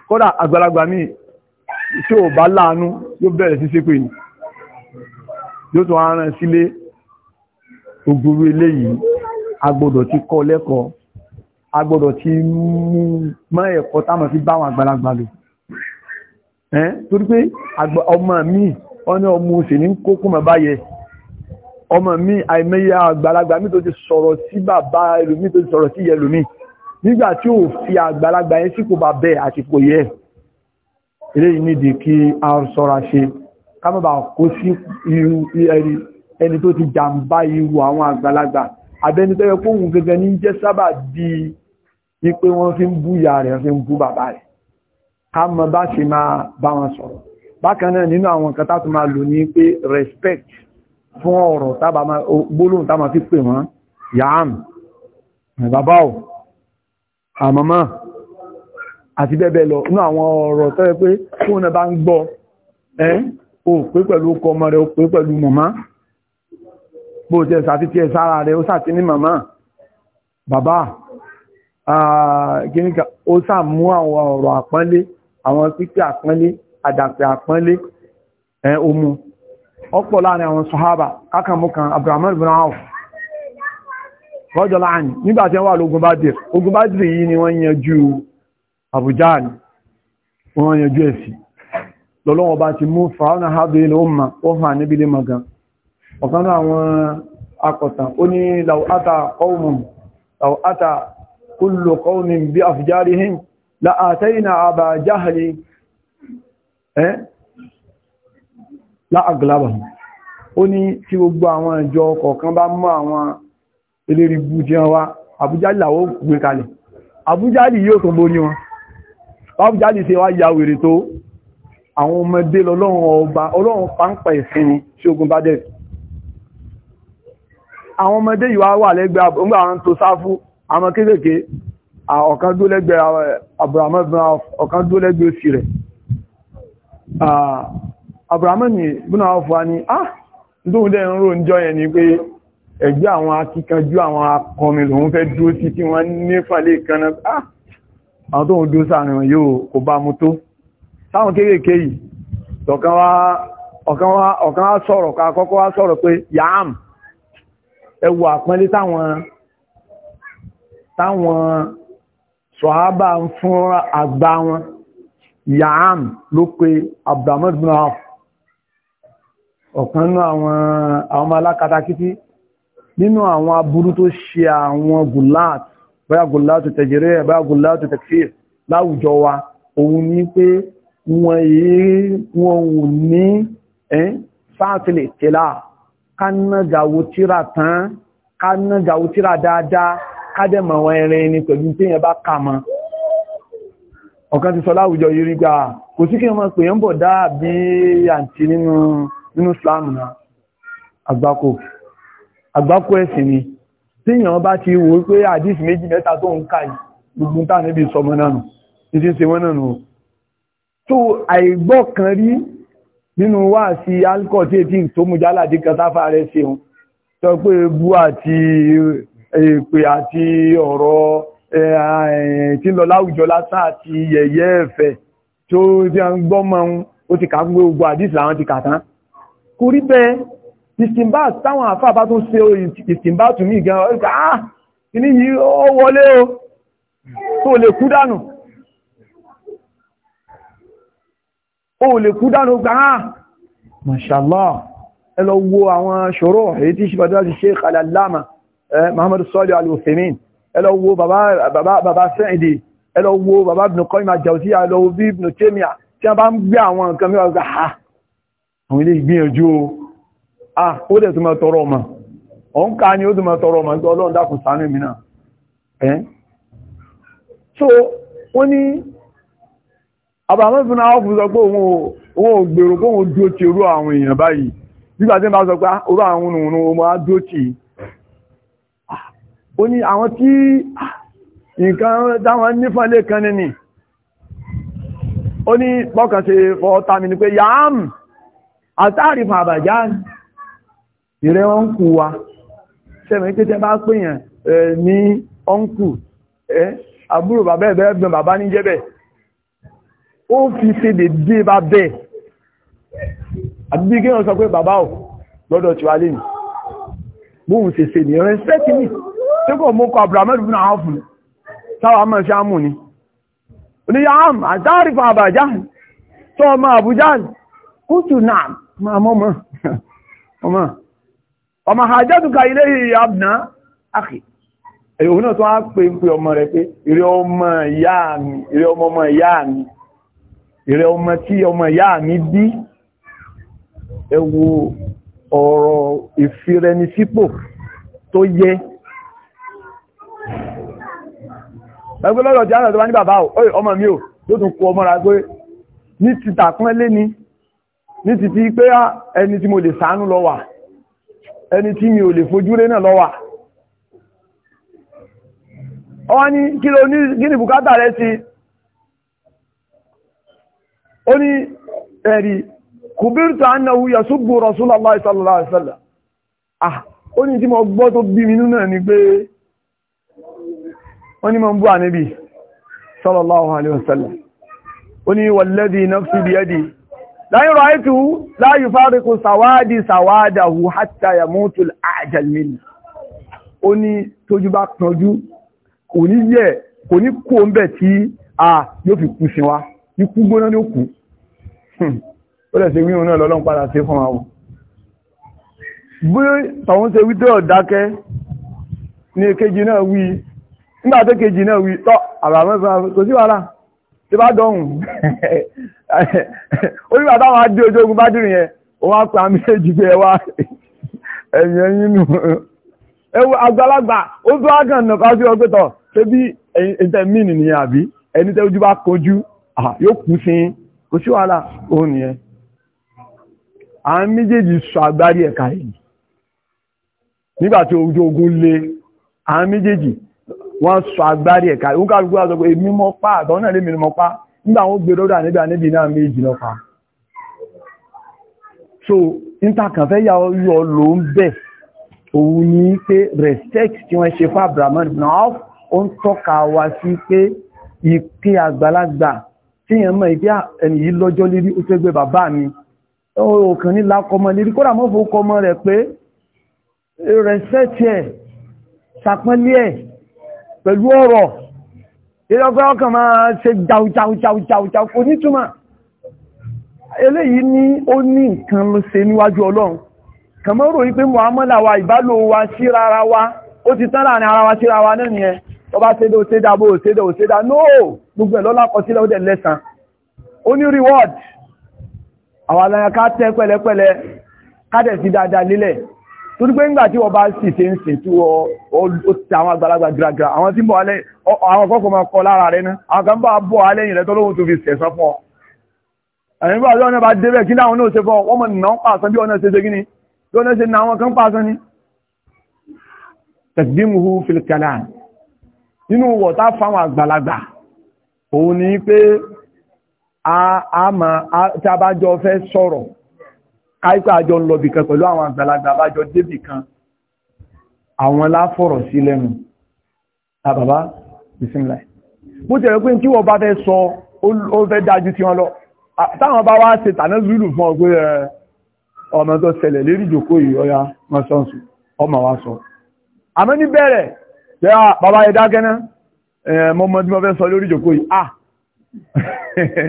kódà àgbàlagbà míì tí ò bá láàánú yóò bẹ̀rẹ̀ sí ṣépè ní yóò tún aràn sílé ògbúrú eléyìí agbọ́dọ̀ ti kọ́ lẹ́kọ̀ọ́ agbọ́dọ̀ ti mú mọ́ ẹ̀kọ́ táwọn fi bá àwọn àgbàlagbà lò ẹ́n torí pé ọmọ mi ọ́nà ọmọ òsèlú ń kó kúmọ̀ báyẹ ọmọ mi àìmẹ́yà àgbàlagbà mi tó ti sọ̀rọ̀ sí bàbá ẹlòmí tó ti sọ̀rọ̀ sí ẹlòmí nígbà tí ò fi àgbàlagbà yẹn sí kò bá bẹ́ẹ̀ àti kò yẹ eléyìí nídìí kí a sọ́ra ṣe ká má baà kó sí irú ẹni tó ti jàǹbá irú àwọn àgbàlagbà abẹni tó yẹ kó wù gẹ́gẹ́ ní jẹ́ sábà di wípé wọ́n fi ń bú ìyá rẹ̀ fi ń bú bàbá rẹ̀ ká bá ṣe máa bá wọn sọ̀rọ̀ bákan náà nínú àwọn nǹkan tátù máa lò ní pé respect fún ọ̀rọ̀ gbólóhùn tá máa fi pè wọ́n yàámi bàbá ò àmàmà àti bẹ́ẹ̀bẹ́ẹ̀ lọ inú àwọn ọ̀rọ̀ tẹ́rẹ pé fóònù bá ń gbọ́ ẹ́ o pé pẹ̀lú ọkọ ọmọ rẹ̀ o pé pẹ̀lú màmá bó jẹ́ sàtítí ẹ̀ sára rẹ̀ ó sàtí ní màmá bàbá gíníkà ó sàmú àwọn ọ̀rọ̀ àpọ́nlé àwọn pípẹ́ àpọ́nlé àdàpẹ̀ àpọ́nlé ẹ̀ omu ọ̀pọ̀ láàrin àwọn sọ̀hábà kákàmú kan Abdurrahman ibn Auf rọ́jọ́lá àní nígbà tí wọ́n wà lógun ogun Badr yìí ni wọ́n yanjú Abu Jahl wọ́n yanjú ẹ̀sì lọ́lọ́wọ́ bá ti mú fàánà hábẹ̀ ilẹ̀ ọmọ níbi ọ̀kan àwọn akọ̀tàn ó ní law ó ní tí gbogbo àwọn ìjọ bá àwọn eléri bú tí wọ́n wá àbújá làwọ́ gbé kalẹ̀ àbújá lì yóò tó borí wọn àbújá ṣe wá ya wèrè tó àwọn ọmọdé lọ́lọ́run ọba ọlọ́run páńpẹ̀ ìsìn ni ṣógun bá dẹ̀ àwọn ọmọdé yìí wá wà lẹ́gbẹ̀ẹ́ àwọn tó sáfú àwọn kéékèèké ọ̀kan dó lẹ́gbẹ̀ẹ́ òsì rẹ̀ àbúrámọ́ ni búnà wọ́n fún ah nítorí dẹ̀ ń ẹgbẹ́ àwọn akíkanjú àwọn akọmi lòun fẹ́ dúró sí tí wọ́n ní fàlẹ̀ ìkanná ah! àwọn tó ń dúró sáàrin yóò kò bá mú tó sáwọn kéèkéè yìí ọ̀kan wá sọ̀rọ̀ ká kọ́kọ́ wá sọ̀rọ̀ pé yam ẹwù àpọ́nlé táwọn sọ̀hábà ń fún àgbà wọn yam ló pe abdulhamid bin ọ̀kan náà àwọn alákatakítí nínú àwọn aburú tó ṣe àwọn gulat bóyá gulat tẹ̀jẹ̀rẹ́ bóyá gulat tẹ̀kfír láwùjọ wa òun ní pé wọ́n èé wọ́n ò ní sáàtìlẹ̀ tẹ́lá kánàgàwó tíra tán kánàgàwó tíra dáadáa kádẹ̀mọ̀ wọn ẹ̀rẹ́ ni pẹ̀lú téèyàn bá kà mọ́ ọ̀kan ti sọ láwùjọ yìí rí gbà kò sí kí wọ́n pè ń bọ̀ dáa bí àǹtí nínú Islam náà àgbákò àgbákò ẹ̀sìn ni tí èèyàn bá ti wò pé àdísì méjì mẹ́ta tó ń ká gbogbo tá níbi sọmọ náà títí ṣe wọ́n náà tó àìgbọ́ kan rí nínú wá sí alcohol tí ètí tó mú jálàdí kan sáfà rẹ̀ ṣeun sọ pé bú àti e, èpè àti ọ̀rọ̀ e, e, tí lọ láwùjọ lásán àti yẹ̀yẹ́ ẹ̀fẹ̀ tó ti ń gbọ́mọ ó ti kà gbogbo àdísì làwọn ti kà tán kò rí bẹ́ẹ̀ ìsìnbá táwọn àfáà bá tún ṣe ìsìnbá tún ní ìgan ọ̀rẹ́kà áà kìní yìí ó wọlé o tó lè kú dànù ó lè kú dànù gbà áà ah, mashallah ẹ lọ wo àwọn ṣòro èyí tí ṣípadà ti ṣe kàlàlámà Muhammad Salih Al-Uthaymeen ẹ lọ wo bàbá Sa'idi ẹ lọ wo bàbá Ibn Qayyim al-Jawziyya ẹ lọ wo bí Ibn Taymiyyah tí ah ó dẹ̀ tó máa tọrọ ọmọ ọ̀n ká ní ó tó tọrọ ọmọ nígbà ọlọ́run dákùn mi so wọ́n ní àbàmọ́sùn náà fún sọ pé òun ò gbèrò pé òun dúró ti orú àwọn èèyàn báyìí nígbà tí bá sọ pé orú ah, àwọn òun kan ní ó ní ah, fọ́ ìrẹ́ ọ́nkù wa sẹ́mi tẹ́tẹ́ bá pèèyàn ní ọ́nkù àbúrò bàbá ẹ̀bẹ̀ ẹ̀gbọ́n bàbá ní jẹ́bẹ̀ ó fi ṣe lè dé bá bẹ́ẹ̀ àbíbí kí wọ́n sọ pé bàbá ò lọ́dọ̀ tí wà lè ní bóhun ṣe ṣe nìyàn rẹ̀ṣẹ́tì ní tí kò mú kọ abdulhamid bin ahaf ní sáwà mọ̀ sí àmù ni oníyà àmù àtàrífà àbàjá tó ọmọ àbújá kútù náà máa mọ́ mọ́ ọmọ hajjátùka ilé abna akhi ẹ̀yọ̀ náà tó á pè ń pè ọmọ rẹ̀ pé ìrẹ ọmọ ìyá mi ìrẹ ọmọ ọmọ ìyá mi ìrẹ ọmọ tí ọmọ ìyá mi bí ẹ wo ọ̀rọ̀ ìfirẹnisípò tó yẹ ẹgbẹ́ lọ́rọ̀ tí a nà tó bá ní bàbá ọmọ ti tàkúnlé ni ní ti ti ah, mo lè ṣàánú lọ wà ẹni tí mi ò lè fojú rẹ̀ náà lọ́wà ọwá ní kí ló ní gíní bùkátà rẹ̀ sí ó ní ẹ̀rí kùbírùtù annahu yasubbu Rasulullah sallallahu alaihi wasallam ah ó ní tí mo gbọ́ tó bí mi náà ni pé wọ́n ní mo ń bú ànábì sallallahu láyé rọ̀ àìtù láyé fárikù sàwádì sàwádàhù hátà yàmútù àjàlmìn ó ní tójú bá kànjú kò ní yẹ kò ní kó ń bẹ̀ tí a yóò fi kú sí wa ikú gbóná ní òkú ó lẹ̀ sí wíhun náà lọ́lọ́n padà sí fún àwọn bí tọ̀hún ṣe wí tó dákẹ́ ní kejì náà wí nígbà tó kejì náà wí tọ́ kò sí wàhálà tí bá dọ̀hùn (laughs) orí bàtà wọn adé ojú ogun bá dìrì yẹn òun á pa mí èjì pé ẹ wá ẹ̀yìn ẹ̀yìn nù ewu àgbàlagbà ó tó ágàn nà fásitì ọgbẹ́tọ̀ ṣé bí ẹ̀yìn nìyẹn àbí ẹni tẹ́ ojú bá kojú yóò kú sí kò sí wàhálà òun nìyẹn àwọn méjèèjì sọ agbárí ẹ̀ka yìí nígbà tí ojú ogun le àwọn méjèèjì wọ́n sọ agbárí ẹ̀ka ìwọ́n kàrùkú àzọ pé èmi mọ́ pa àtọ́ náà lè mi mọ́ pa nígbà wọ́n gbé rọ́dà níbi àníbi náà méjì lọ pa so intakànfẹ́ yà yọ ló ń bẹ̀ òun ní pé respect tí wọ́n ṣe fún Abraham náà ó ń tọ́ka wa sí pé ìpín àgbàlagbà tí yẹn mọ̀ ìpín ẹni yìí lọ́jọ́ lérí ó tẹ́gbẹ́ bàbá mi òkàn ní lákọmọ lérí kódà mọ́ fowókọmọ rẹ̀ pé respect ẹ̀ sàpọ́nlé pẹ̀lú ọ̀rọ̀ ìlọ́pẹ́ ọkàn máa ṣe jàújàújàújàújà onítúmà eléyìí ní ó ní nǹkan ló ṣe níwájú ọlọ́run kàmọ́rò wípé muhammadu wa ìbálò wa síra wa ó ti tán láàrin ara wa síra wa náà nìyẹn tó bá ṣédé òṣédá bó òṣédá òṣédá nóò gbogbo ẹ̀ lọ́lá kọsílẹ̀ ó dẹ̀ lẹ́sàn ó ní reward àwọn aláyàká tẹ́ pẹ̀lẹ́pẹ̀lẹ́ kádẹ̀ sí dáadáa lélẹ̀ torí pé nígbà tí wọ́n bá sì ṣe ń sìn tí ó ti àwọn àgbàlagbà gíragíra àwọn tí ń bọ̀ alẹ́ àwọn kọ́kọ́ máa kọ lára rẹ ná àwọn kan bá bọ̀ alẹ́ yìí rẹ tó lóhun tó fi sẹ̀sán fún ọ. ẹ̀yìn bá lọ́nà bá débẹ̀ kí láwọn náà ṣe fọ́ wọ́n mọ̀ nà ń pàṣán bí ọ̀nà ṣe ṣe gíní lọ́nà ṣe nà àwọn kan pàṣán ni. tẹ̀gbìmùhù filikala nínú wọ̀tá fáwọn àgbàlagbà òun ni pé a máa tá a bá jọ fẹ́ sọ̀rọ̀ káíkọ́ àjọ ń lọ́bì kan pẹ̀lú àwọn àgbàlagbà bájọ débì kan àwọn láfọ̀rọ̀ sí lẹ́nu àbàbá ah, ìsinmi bó ti rẹ̀ pé tí wọ́n bá fẹ́ sọ ó fẹ́ dájú tí wọ́n lọ ah, táwọn bá wá ṣe tàná zulu fún ọ pé ọmọ tó ṣẹlẹ̀ lérí ìjòkó ah, yìí ah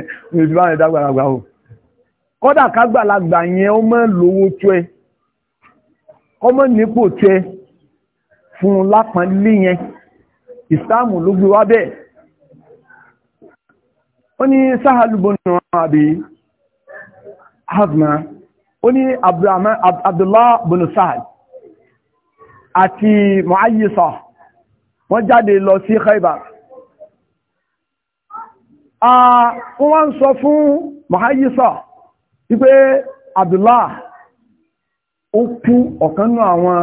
(laughs) mo ti bá kọ́dà kágbàlagbà yẹn ó mọ́ lówó tó ẹ ọmọ nípò tó ẹ fún un lápọn lé yẹn ìsáàmù ló gbé wá bẹ́ẹ̀ ó ní sáhàlùbọ̀nà àbí hazma ó ní abdullah bin sahal àti mu'ayyisa wọ́n jáde lọ sí khaibar wọ́n sọ fún mu'ayyisa wípé Abdullah ó kú ọ̀kanú àwọn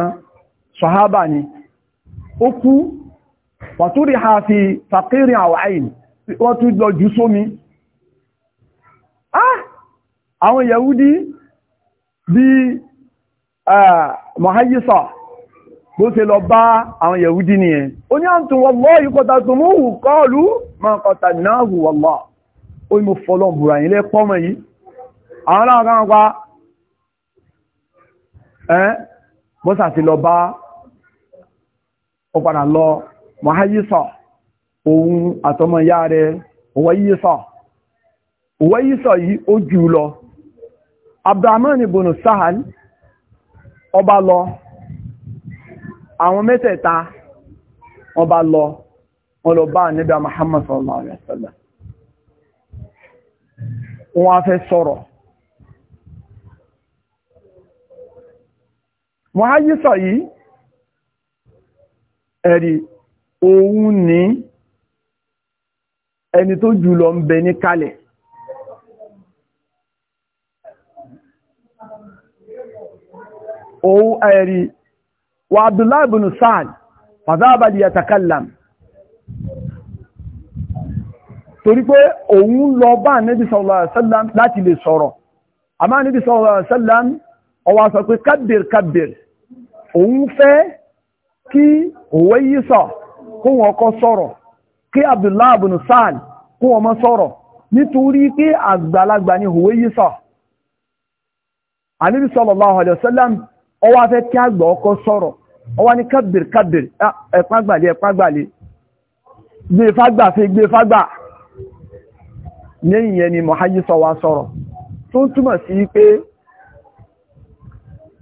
sọ̀hábà ni ó kú wàtúrí ha fi fàkírí àwáyìn wọ́n tún lọ jù sómi ah! àwọn Yahudi bí eh, Mahayisa bó ṣe lọ bá àwọn Yahudi nìyẹn ó ní àǹtún wallahi qatatumuhu qalu ma qatalnahu wallahi ó ní mo fọ́lọ̀ bùrà yìí lẹ́pọ́mọ̀ yìí àwọn náà kan pa ẹ́ mọ́sà ti lọ bá ó padà lọ mọ̀háyísọ̀ òun àtọmọ̀ ìyá rẹ̀ òwẹ́yísọ̀ òwẹ́yísọ̀ yìí ó jù lọ abdulhamani ibn sahal ọba lọ àwọn mẹ́tẹ̀ẹ̀ta ọba lọ wọ́n lọ bá muhammad sallallahu alaihi wasallam á fẹ́ sọ̀rọ̀ mọ̀háyísọ̀ yìí ẹ̀rí òun ní ẹni tó jùlọ ń bẹ ní kalẹ̀ òun ẹ̀rí wà Abdullahi bin Sa'ad fàzábàdì yatakallam torí pé òun lọ bá Nabi sallallahu alaihi wasallam láti lè sọ̀rọ̀ àmá Nabi sallallahu alaihi wasallam ó wá sọ pé kabbir kabbir òun fẹ́ kí òwe yìí sọ kó wọn kọ́ sọ̀rọ̀ kí Abdullah ibn Sa'd kó wọn mọ́ sọ̀rọ̀ nítorí pé àgbàlagbà ni òwe yìí sọ àníbi sallallahu alaihi fẹ́ kí àgbà ọkọ̀ sọ̀rọ̀ ó ní kábìr kábìr ẹ̀págbàlé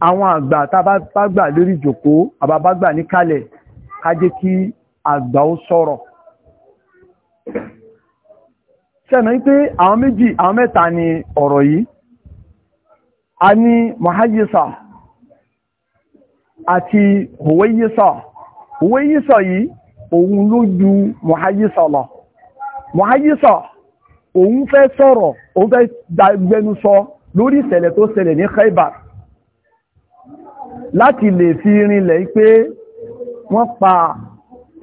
àwọn àgbà tàbágbà lórí ìjòkó àbábágbà níkàlẹ̀ ká jẹ́ kí àgbà ó sọ̀rọ̀ ṣẹ́nà wípé àwọn méjì àwọn mẹ́ta ni ọ̀rọ̀ yìí a ní mọ̀háyísà àti hùwẹ́yísà hùwẹ́yísà yìí òun ló ju mọ̀háyísà lọ mọ̀háyísà òun fẹ́ sọ̀rọ̀ òun fẹ́ gbẹnusọ lórí ìṣẹ̀lẹ̀ tó ṣẹlẹ̀ ní Khaibar láti lè fi rinlẹ̀ pé wọ́n pa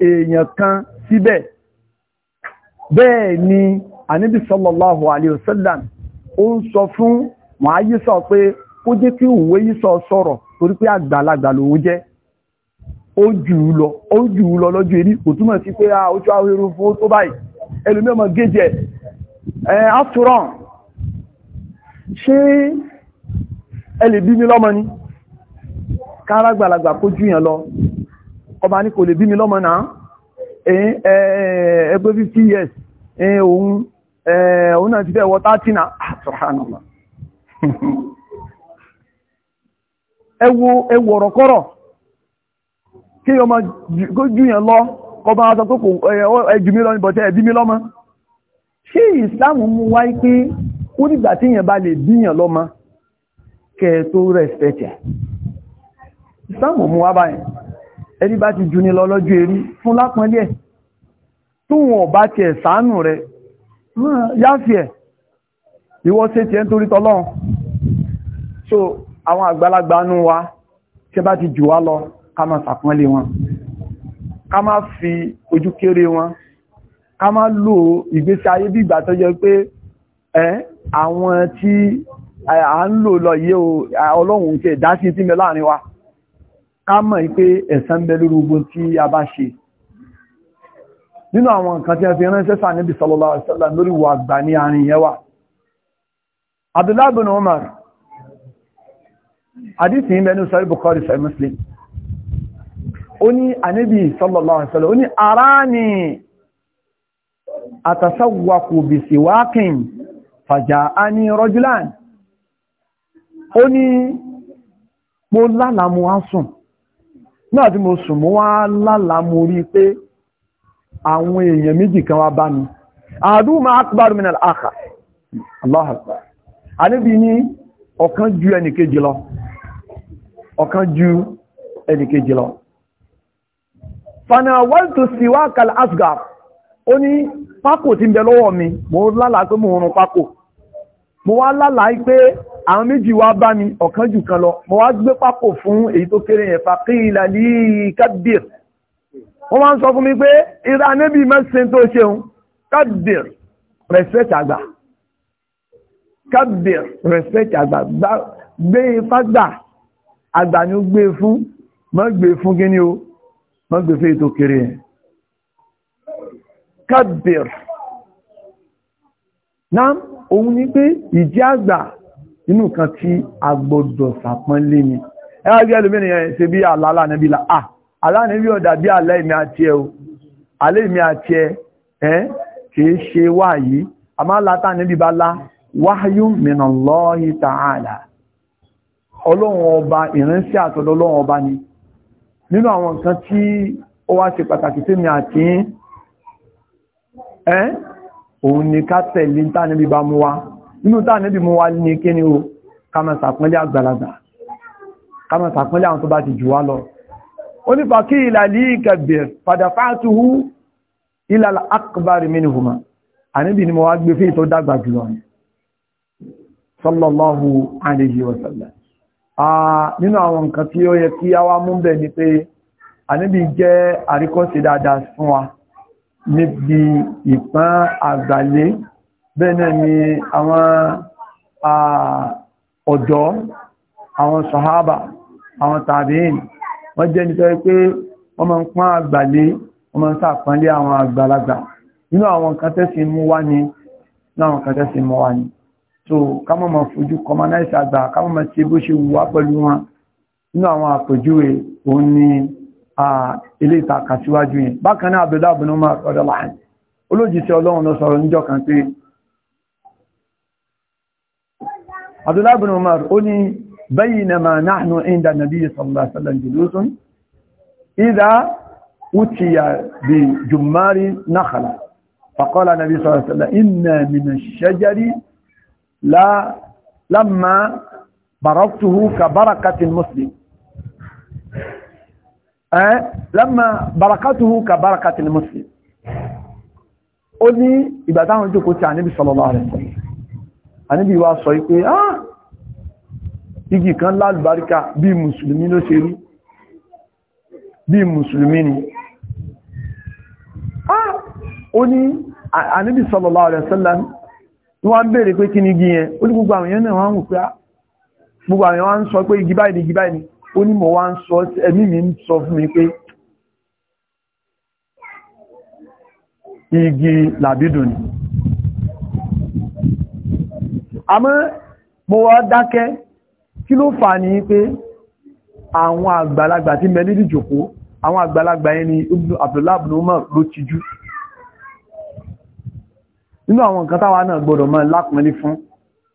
èèyàn kan síbẹ̀ bẹ́ẹ̀ ni ànábì sallallahu alayhi wa sallam ó ń sọ fún wọ́n ayé sọ pé kó jẹ́ kí òwe yí sọ sọ̀rọ̀ torí pé àgbàlagbà lòun jẹ́ ó jù ú lọ ó jù ú lọ lọ́jọ́ eré kò túmọ̀ sí pé ojú ahoro fún tó báyìí ẹlòmíọ̀mọ̀ gẹ́jẹ̀ ẹ̀ afturan ṣé ẹ lè bí mi lọ́mọ ni kára gbàlagbà kó jù yàn lọ ọba ní kò lè bí mi lọ́mọ náà ẹgbẹ́ 50 years òun òun náà ti bẹ́ wọ náà ẹwọ ah, ẹwọ kí ọmọ jùyàn lọ kọba aṣọ tó kò ẹjù mi lọ́mọ ṣé Islam mú pé ó tí bá lè lọ́mọ kẹ́ẹ̀ tó rẹ̀ ìsáàmù mú wá báyìí ẹni bá ti jù ní lọ́lọ́jú erí fún lápọ́nlé ẹ̀ tó wọn ọ̀bá ti ẹ̀ sàánù rẹ̀ yáfì ẹ̀ ìwọ ti ẹ́ torí tọ́lọ́run so àwọn àgbàlagbà nú wa tí bá ti jù wá lọ ká máa sàpọ́nlé wọn ká máa fi ojú kéré wọn ká máa lò ìgbésí ayé bí ìgbà tó jẹ́ pé àwọn tí à ń lò lọ yé ọlọ́run ti ẹ̀dá sí tí mẹ́ láàrin wa ká mọ̀ pé ẹ̀san bẹ lórí ogun tí a bá ṣe nínú àwọn nǹkan tí a fi ránṣẹ́ sáà níbi sallallahu alaihi wasallam lórí wà gbà ní àárín yẹn wà Abdullah bin Umar hadith yìí mẹ́nu sọ́rí Bukhari sọ́rí Muslim ó ní ànábì sallallahu alaihi ó ní náà tí mo sùn mú wá lálàá mo rí pé àwọn èèyàn méjì kan wá bá mi àdúmọ̀ akbar min al-akha Allahu akbar àníbi ní ọ̀kan ju ẹnìkejì lọ ọ̀kan ju ẹnìkejì lọ fanawaltu siwak al-asghar ó ní pákò tí ń bẹ lọ́wọ́ mi mo lálàá pé mo rún pákò mo wá lálàá pé àwọn méjì wá bá mi ọ̀kan jù kan lọ mo wá gbé pápò fún èyí tó kéré yẹn fàkí ìlàlí kábìr wọ́n wá ń sọ fún mi pé ìrà níbi mẹ́sìn tó ṣeun kábìr respect àgbà kábìr respect àgbà gbé ifá gbà àgbà ni ó gbé e fún mọ́ gbé e fún kíní o mọ́ gbé e fún èyí tó kéré yẹn kábìr náà òun ni pé ìjẹ́ àgbà inú kan tí a gbọdọ̀ sàpọ́nlé ni ẹgbẹ́ ẹlòmínì yẹn ṣe bí àlàálà níbi là à aláàníbí ọ̀dà bí alẹ́ ìmì àti ẹ̀ o alẹ́ ìmì àti ẹ̀ ẹ́ kìí ṣe wà yìí a máa látà níbi bá lá wáyún minallahi ta'ala ọlọ́run ọba ìrìnsí àtọ́dọ̀ ọlọ́run ọba ni nínú àwọn nǹkan tí ó wá ṣe pàtàkì sí mi àti ẹ́ òun ni ká tẹ̀lé ń tà níbi bá mú wa inú tàà níbi mú wá ní kí ni o ká máa sàpọ́nlé àgbàlagbà ká máa sàpọ́nlé àwọn tó bá ti jù wá lọ ó ní fàkí ìlàlí ìkẹbẹ̀ fàdàfàátúhú ìlàlá akbari minihuma àníbì ni mo wá gbé fí tó dàgbà jùlọ sallallahu alayhi sallam nínú àwọn nǹkan tí ó yẹ kí a wá mú bẹ̀ ni pé àníbì bẹ́ẹ̀ ni àwọn ọ̀dọ́ àwọn sàhábà àwọn tàbíìn wọ́n jẹ́ nítorí pé wọ́n máa ń pán àgbàlé wọ́n máa ń sàpánlé àwọn àgbàlagbà nínú àwọn kan tẹ́sí mú wá ní láwọn kan mú wá ní so ká má máa fojú kọmanáìsì àgbà ká má máa ṣe bó ṣe wù wá pẹ̀lú wọn nínú àwọn àpèjúwe òun ni ilé ìtàkà síwájú yẹn bákan náà abdullahi abdullahi ọdọláhàn ọlọ́run lọ sọ̀rọ̀ níjọ́ kan pé عبد الله بن عمر أني بينما نحن عند النبي صلى الله عليه وسلم جلوس إذا أتي بجمار نخلة فقال النبي صلى الله عليه وسلم إن من الشجر لا لما بركته كبركة المسلم أه لما بركته كبركة المسلم أني إذا دعوا النبي صلى الله عليه وسلم àníbí wa sọ pé ah igi kan lálùbáríkà bí mùsùlùmí ló ṣe rí bí mùsùlùmí ni ah ó ní àníbí sallallahu alaihi wasallam wọ́n béèrè pé kí ni igi yẹn ó ní gbogbo àwọn èèyàn náà wọ́n wù pé ah, gbogbo àwọn èèyàn wọ́n sọ pé igi báyìí igi igi ni àmọ́ mo wá dákẹ́ kí ló fà ní pé àwọn àgbàlagbà tí mẹ́lí ní jòkó àwọn àgbàlagbà yẹn ni Abdullahi ibn Umar ló ti jú nínú àwọn nǹkan táwa náà gbọ́dọ̀ máa lápẹ́lé fún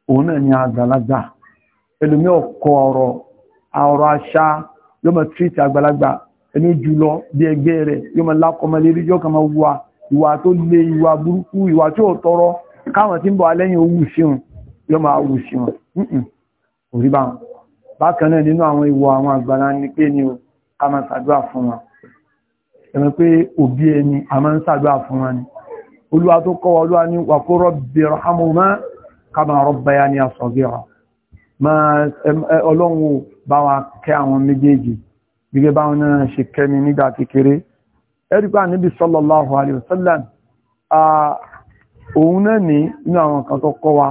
òun náà ni àgbàlagbà ẹlòmí ọkọ̀ ọ̀rọ̀ ọ̀rọ̀ àṣà yóò máa tírìtì àgbàlagbà ẹni jùlọ bí ẹgbẹ́ rẹ̀ yóò máa lákọmọlérí yóò kàn máa wà ìwà tó le ìwà burúkú ìwà tí ò tọrọ káwọn tí ń bọ̀ alẹ́yìn owó ìṣeun yóò máa wù sí wọn orí bá wọn bákan náà nínú àwọn ìwọ àwọn àgbàlá ní pé ní o ká máa ṣàdúrà fún wọn ẹ̀mọ́ pé òbí ẹni a máa ń ṣàdúrà fún wọn ni olúwa tó kọ́ wa olúwa ní wà kó rabbi irhamhuma kama rabbayani saghira ọlọ́run bá wa kẹ́ àwọn méjèèjì gẹ́gẹ́ bá wọn náà ṣe kẹ́mi nígbà kékeré ẹ̀rípa níbi sallallahu alaihi wasallam òun náà ní inú àwọn kan tó kọ́ wa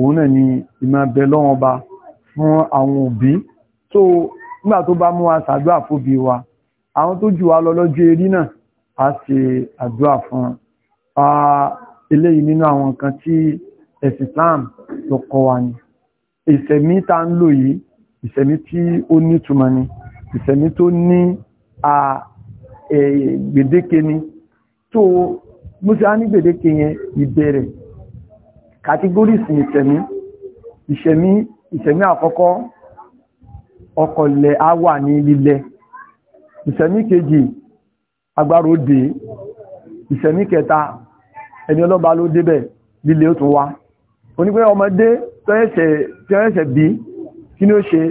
òun náà ni ìmọ̀ bẹ lọ́wọ́n ba fún àwọn òbí tó nígbà tó bá mú wa ṣàdúrà fóbi wa àwọn tó jù wá lọ lọ́jọ́ eré náà a ṣe àdúrà fún eléyìí nínú àwọn nǹkan tí ẹ̀sìn Islam ló kọ́ wa ni ìṣẹ̀mí tá ń lò yìí ìṣẹ̀mí tí ó nítumọ̀ ni ìṣẹ̀mí tó ní gbèdéke ni tó mo ṣe á ní gbèdéke yẹn ìbẹ̀rẹ̀ categories ìṣẹ̀mí ìṣẹ̀mí ìṣẹ̀mí àkọ́kọ́ ọkọ̀lẹ̀ á wà ní lílẹ̀ ìṣẹ̀mí kejì agbára ó dé ìṣẹ̀mí kẹta ẹni ọlọ́ba ló débẹ̀ lílẹ̀ ó tún wá onígbé ọmọdé tẹ́ẹ̀ṣẹ̀ bí kí ni ó ṣe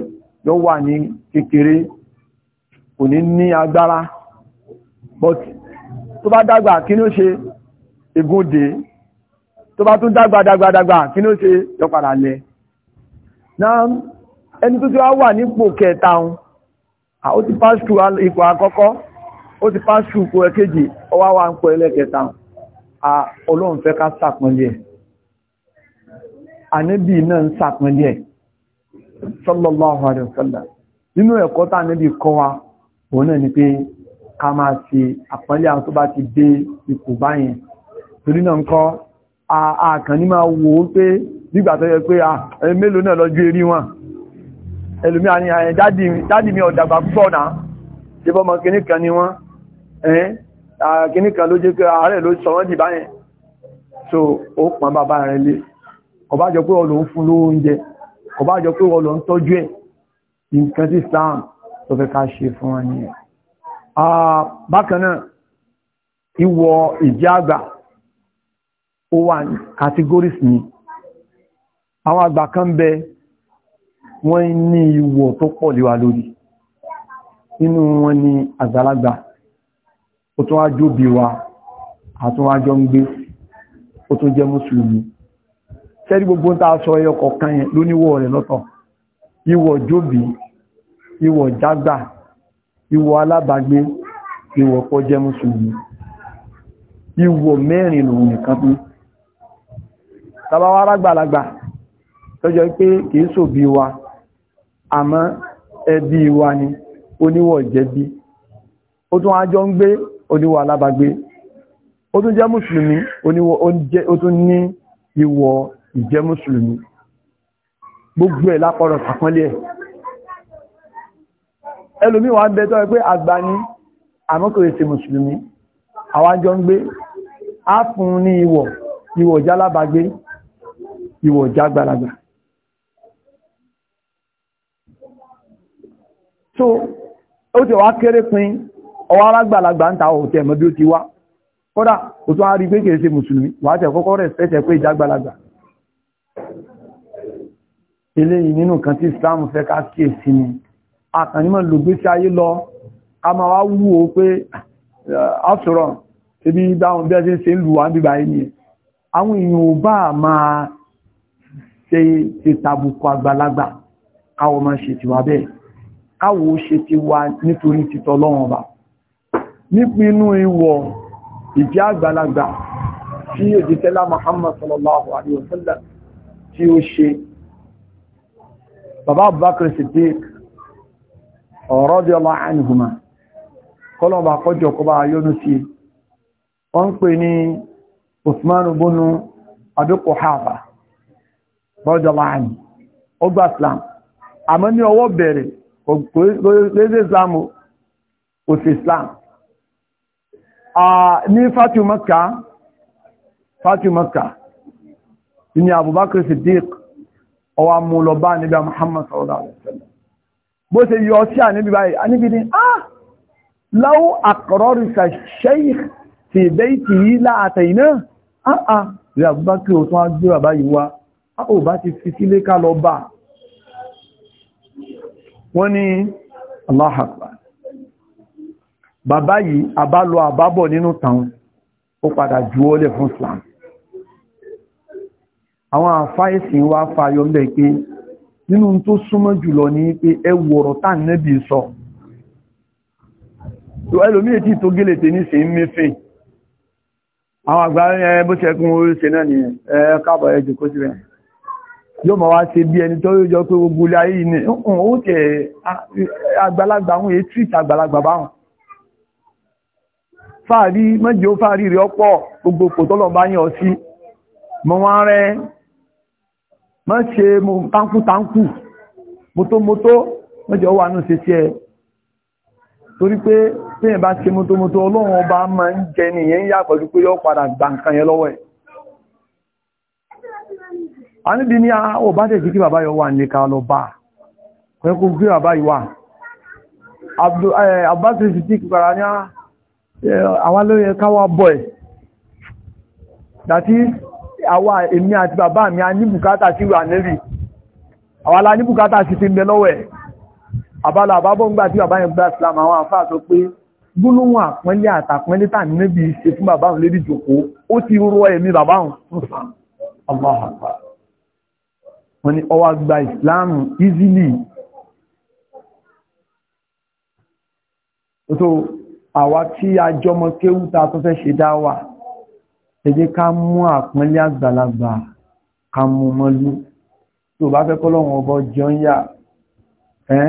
yọ wà ní kékeré kò ní ní agbára but tó bá dàgbà kí ni ó ṣe egóde tó bá tún dàgbà dàgbà dàgbà kí ló ṣe yọ padà lẹ náà ẹni tó ti wá wà nípò kẹta òun ó ti pass through ipò àkọ́kọ́ ó ti pass through ipò ẹ̀kejì ó wà ń pọ̀ ẹlẹ́kẹta ọlọ́run fẹ́ ká sàpọ̀lẹ̀ ànábì náà ń sàpọ̀lẹ̀ sallallahu alaihi wasallam nínú ẹ̀kọ́ tá ànábì kọ́ ni pé ká máa ṣe àpọ́nlé àwọn tó àkàn ní máa wò ó pé nígbà tó yẹ pé ẹni mélòó náà lọ́jọ́ eré wọn ẹlòmí àni dádì mi ọ̀dàgbà púpọ̀ náà ṣe bọ́mọ kìíní kan ni wọ́n ẹ́n kìíní kan ló jẹ́ pé ààrẹ ló sọ wọ́n dìbá yẹn so ó pọn bàbá rẹ̀ lé kò bá jọ pé ọlọ́ ń fún lówó oúnjẹ kò bá jọ pé ọlọ́ ń tọ́jú ẹ̀ nǹkan tí Islam tó fẹ́ ká ṣe fún wọn nìyẹn bákan náà ìwọ ìjẹ́ àgbà ó wà categories ni àwọn àgbà kan bẹ wọ́n ní ìwọ̀ tó pọ̀ lé wọn ni àgbàlagbà ó tún wa atu ń gbé ó tún jẹ́ mùsùlùmí gbogbo ń taa sọ ẹyọ kan yẹn lóníwọ̀ rẹ̀ lọ́tọ̀ ìwọ̀ jóbi ìwọ̀ jágbà ìwọ̀ alábàgbé ìwọ̀ kò jẹ́ mùsùlùmí ìwọ̀ mẹ́rin lòun nìkan tó tàbá wá rágbàlagbà tó jẹ́ pé kìí sòbí wa àmọ́ ẹbí wa ni oníwọ̀ jẹ́bí ó tún ajọ́ ń gbé oníwọ̀ alábàgbé ó tún jẹ́ mùsùlùmí oníwọ̀ ó tún ní ìwọ̀ ìjẹ́ mùsùlùmí gbogbo ẹ̀ lápọ̀rọ̀ pàpọ́nlé ẹ̀ ẹlòmí wa ń bẹ tọ́ pé àgbà ni àmọ́ kò ṣe mùsùlùmí àwọn ń gbé á fún ní ìwọ̀ ìwọ̀ jálábàgbé ìwọ ọ̀já gbalagbà so ó ti wá kéré pin ọwọ́ alágbàlagbà ń ta òtẹ̀ ẹ̀mọ́ bí ó ti wá kódà kò tó á rí pé kìí ṣe mùsùlùmí wàá tẹ̀ kọ́kọ́ rẹ̀ Islam fẹ́ ká ni àkànnímọ̀ lògbé sí ayé lọ a máa wá wú o pé afṣọ́rọ̀ ṣe bí ṣe ìtàbùkù àgbàlagbà káwọ máa ṣe ti wà bẹ́ẹ̀ káwọ ṣe ti wà nítorí títọ́ lọ́wọ́n bá nípinú ìwọ̀ ìjẹ́ àgbàlagbà tí òjìtẹ́lá Muhammad sallallahu alaihi wasallam tí ó ṣe bàbá Abubakar Siddiq radiyallahu anhuma kọlọ̀bà kọjọ kọba yọnu sí wọ́n pè ní rọ́jọ́lá àmì ó gba islam àmọ́ ní ọwọ́ bẹ̀rẹ̀ lézé islam kò sí islam ní fatu Makka fatu Makka ìní Abubakar Siddiq ọwà mú lọ bá níbi Muhammad sallallahu alaihi wasallam bó ṣe yọ sí àníbi báyìí àníbi ni ah láwọ́ àkọrọ̀rìsà sheikh ti bẹ́ẹ̀ tí yí láàtẹ̀ iná ah ah rí Abubakar ò tún á wá ó bá ti fi sílé ká lọ bá wọ́n ni Allahu bàbá yìí àbálọ àbábọ̀ nínú tàun ó padà juwọ́lẹ̀ fún Islam àwọn àfáìsì wá fayọ pé nínú tó súnmọ́ jùlọ ní pé ẹwọ̀rọ̀ tàn nẹ́bì sọ ẹlòmí tó gẹ́lẹ̀ tẹ́ ní sí mẹ́fẹ́ àwọn àgbà ẹ̀ bó orí ṣe náà ni káàbọ̀ ẹjù kó yóò máa wá ṣe bí ẹni tó yóò jọ pé gbogbo ilé ayé ní ó tẹ̀ àgbàlagbà àwọn èyí tìrìtì àgbàlagbà báwọn fàárí mọ́jẹ́ ó fàárí rẹ̀ ọ̀pọ̀ gbogbo kò tọ́lọ̀ bá yàn sí mọ́ wá rẹ̀ mọ́ ṣe mọ́ tánkù-tánkù mótómótó mọ́jẹ́ ó wà ní ṣe ṣe torí pé tí ẹ̀ bá ṣe mótómótó ọlọ́run ọba máa ń jẹ nìyẹn yà pẹ̀lú pé yọ́ a níbi ní àwọ̀ bá tẹ̀ sí kí bàbá yọ wà ní ká lọ bá pẹ́kú kí bàbá yìí àbáṣe sí tí kìkàrà ní àwọn lórí káwà boy dàtí àwa èmi àti bàbá mi a ní bùkátà sí wà níbi àwọn alá ní bùkátà sí ti mẹ́ lọ́wẹ́ àbálà àbábọ̀ ń gbà tí bàbá yẹn gbà Islam àwọn àfáà sọ pé gbólóhùn àpẹẹlẹ àtàpẹẹlẹ tà níbi Allah wọ́n ní ọwá gba ìsìláàmù easily so àwa tí a jọmọ kéwúta tó fẹ́ ṣe dá wà ẹ jẹ́ ká mú àpọ́nlé àgbàlagbà ká mú mọ́lú tó bá fẹ́ kọ́lọ́wọ́n ọbọ̀ jẹun yà ẹ́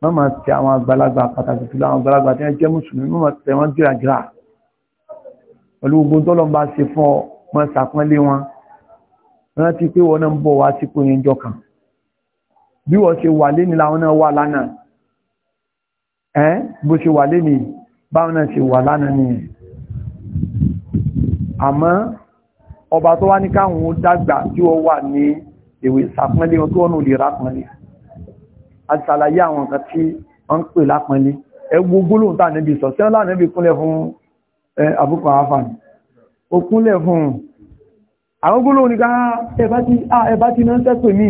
wọ́n máa tẹ àwọn àgbàlagbà pàtàkì tó láwọn àgbàlagbà tí wọ́n jẹ́ mùsùlùmí wọ́n máa rántí pé wọ́n náà ń bọ̀ wá sí kò yẹn jọ kan bí wọ́n ṣe wà léni láwọn náà wà lánàá ẹ́ bó ṣe wà léni báwọn náà ṣe wà lánàá ni àmọ́ ọba tó wá ní káwọn dàgbà tí ó wà ní èwe ìsàpọ́nlé tó ọ̀nà òlè rápọ́nlé àti àwọn nǹkan tí wọ́n pè lápọ́nlé ẹ wo gbólóhùn tá níbi sọ sí ọ́n láàrín kúnlẹ̀ fún àbúkọ̀ àfààní ó kúnlẹ̀ fún un àwọn gúlò ní ká ẹ̀bá ti náà sẹ́pẹ̀ ní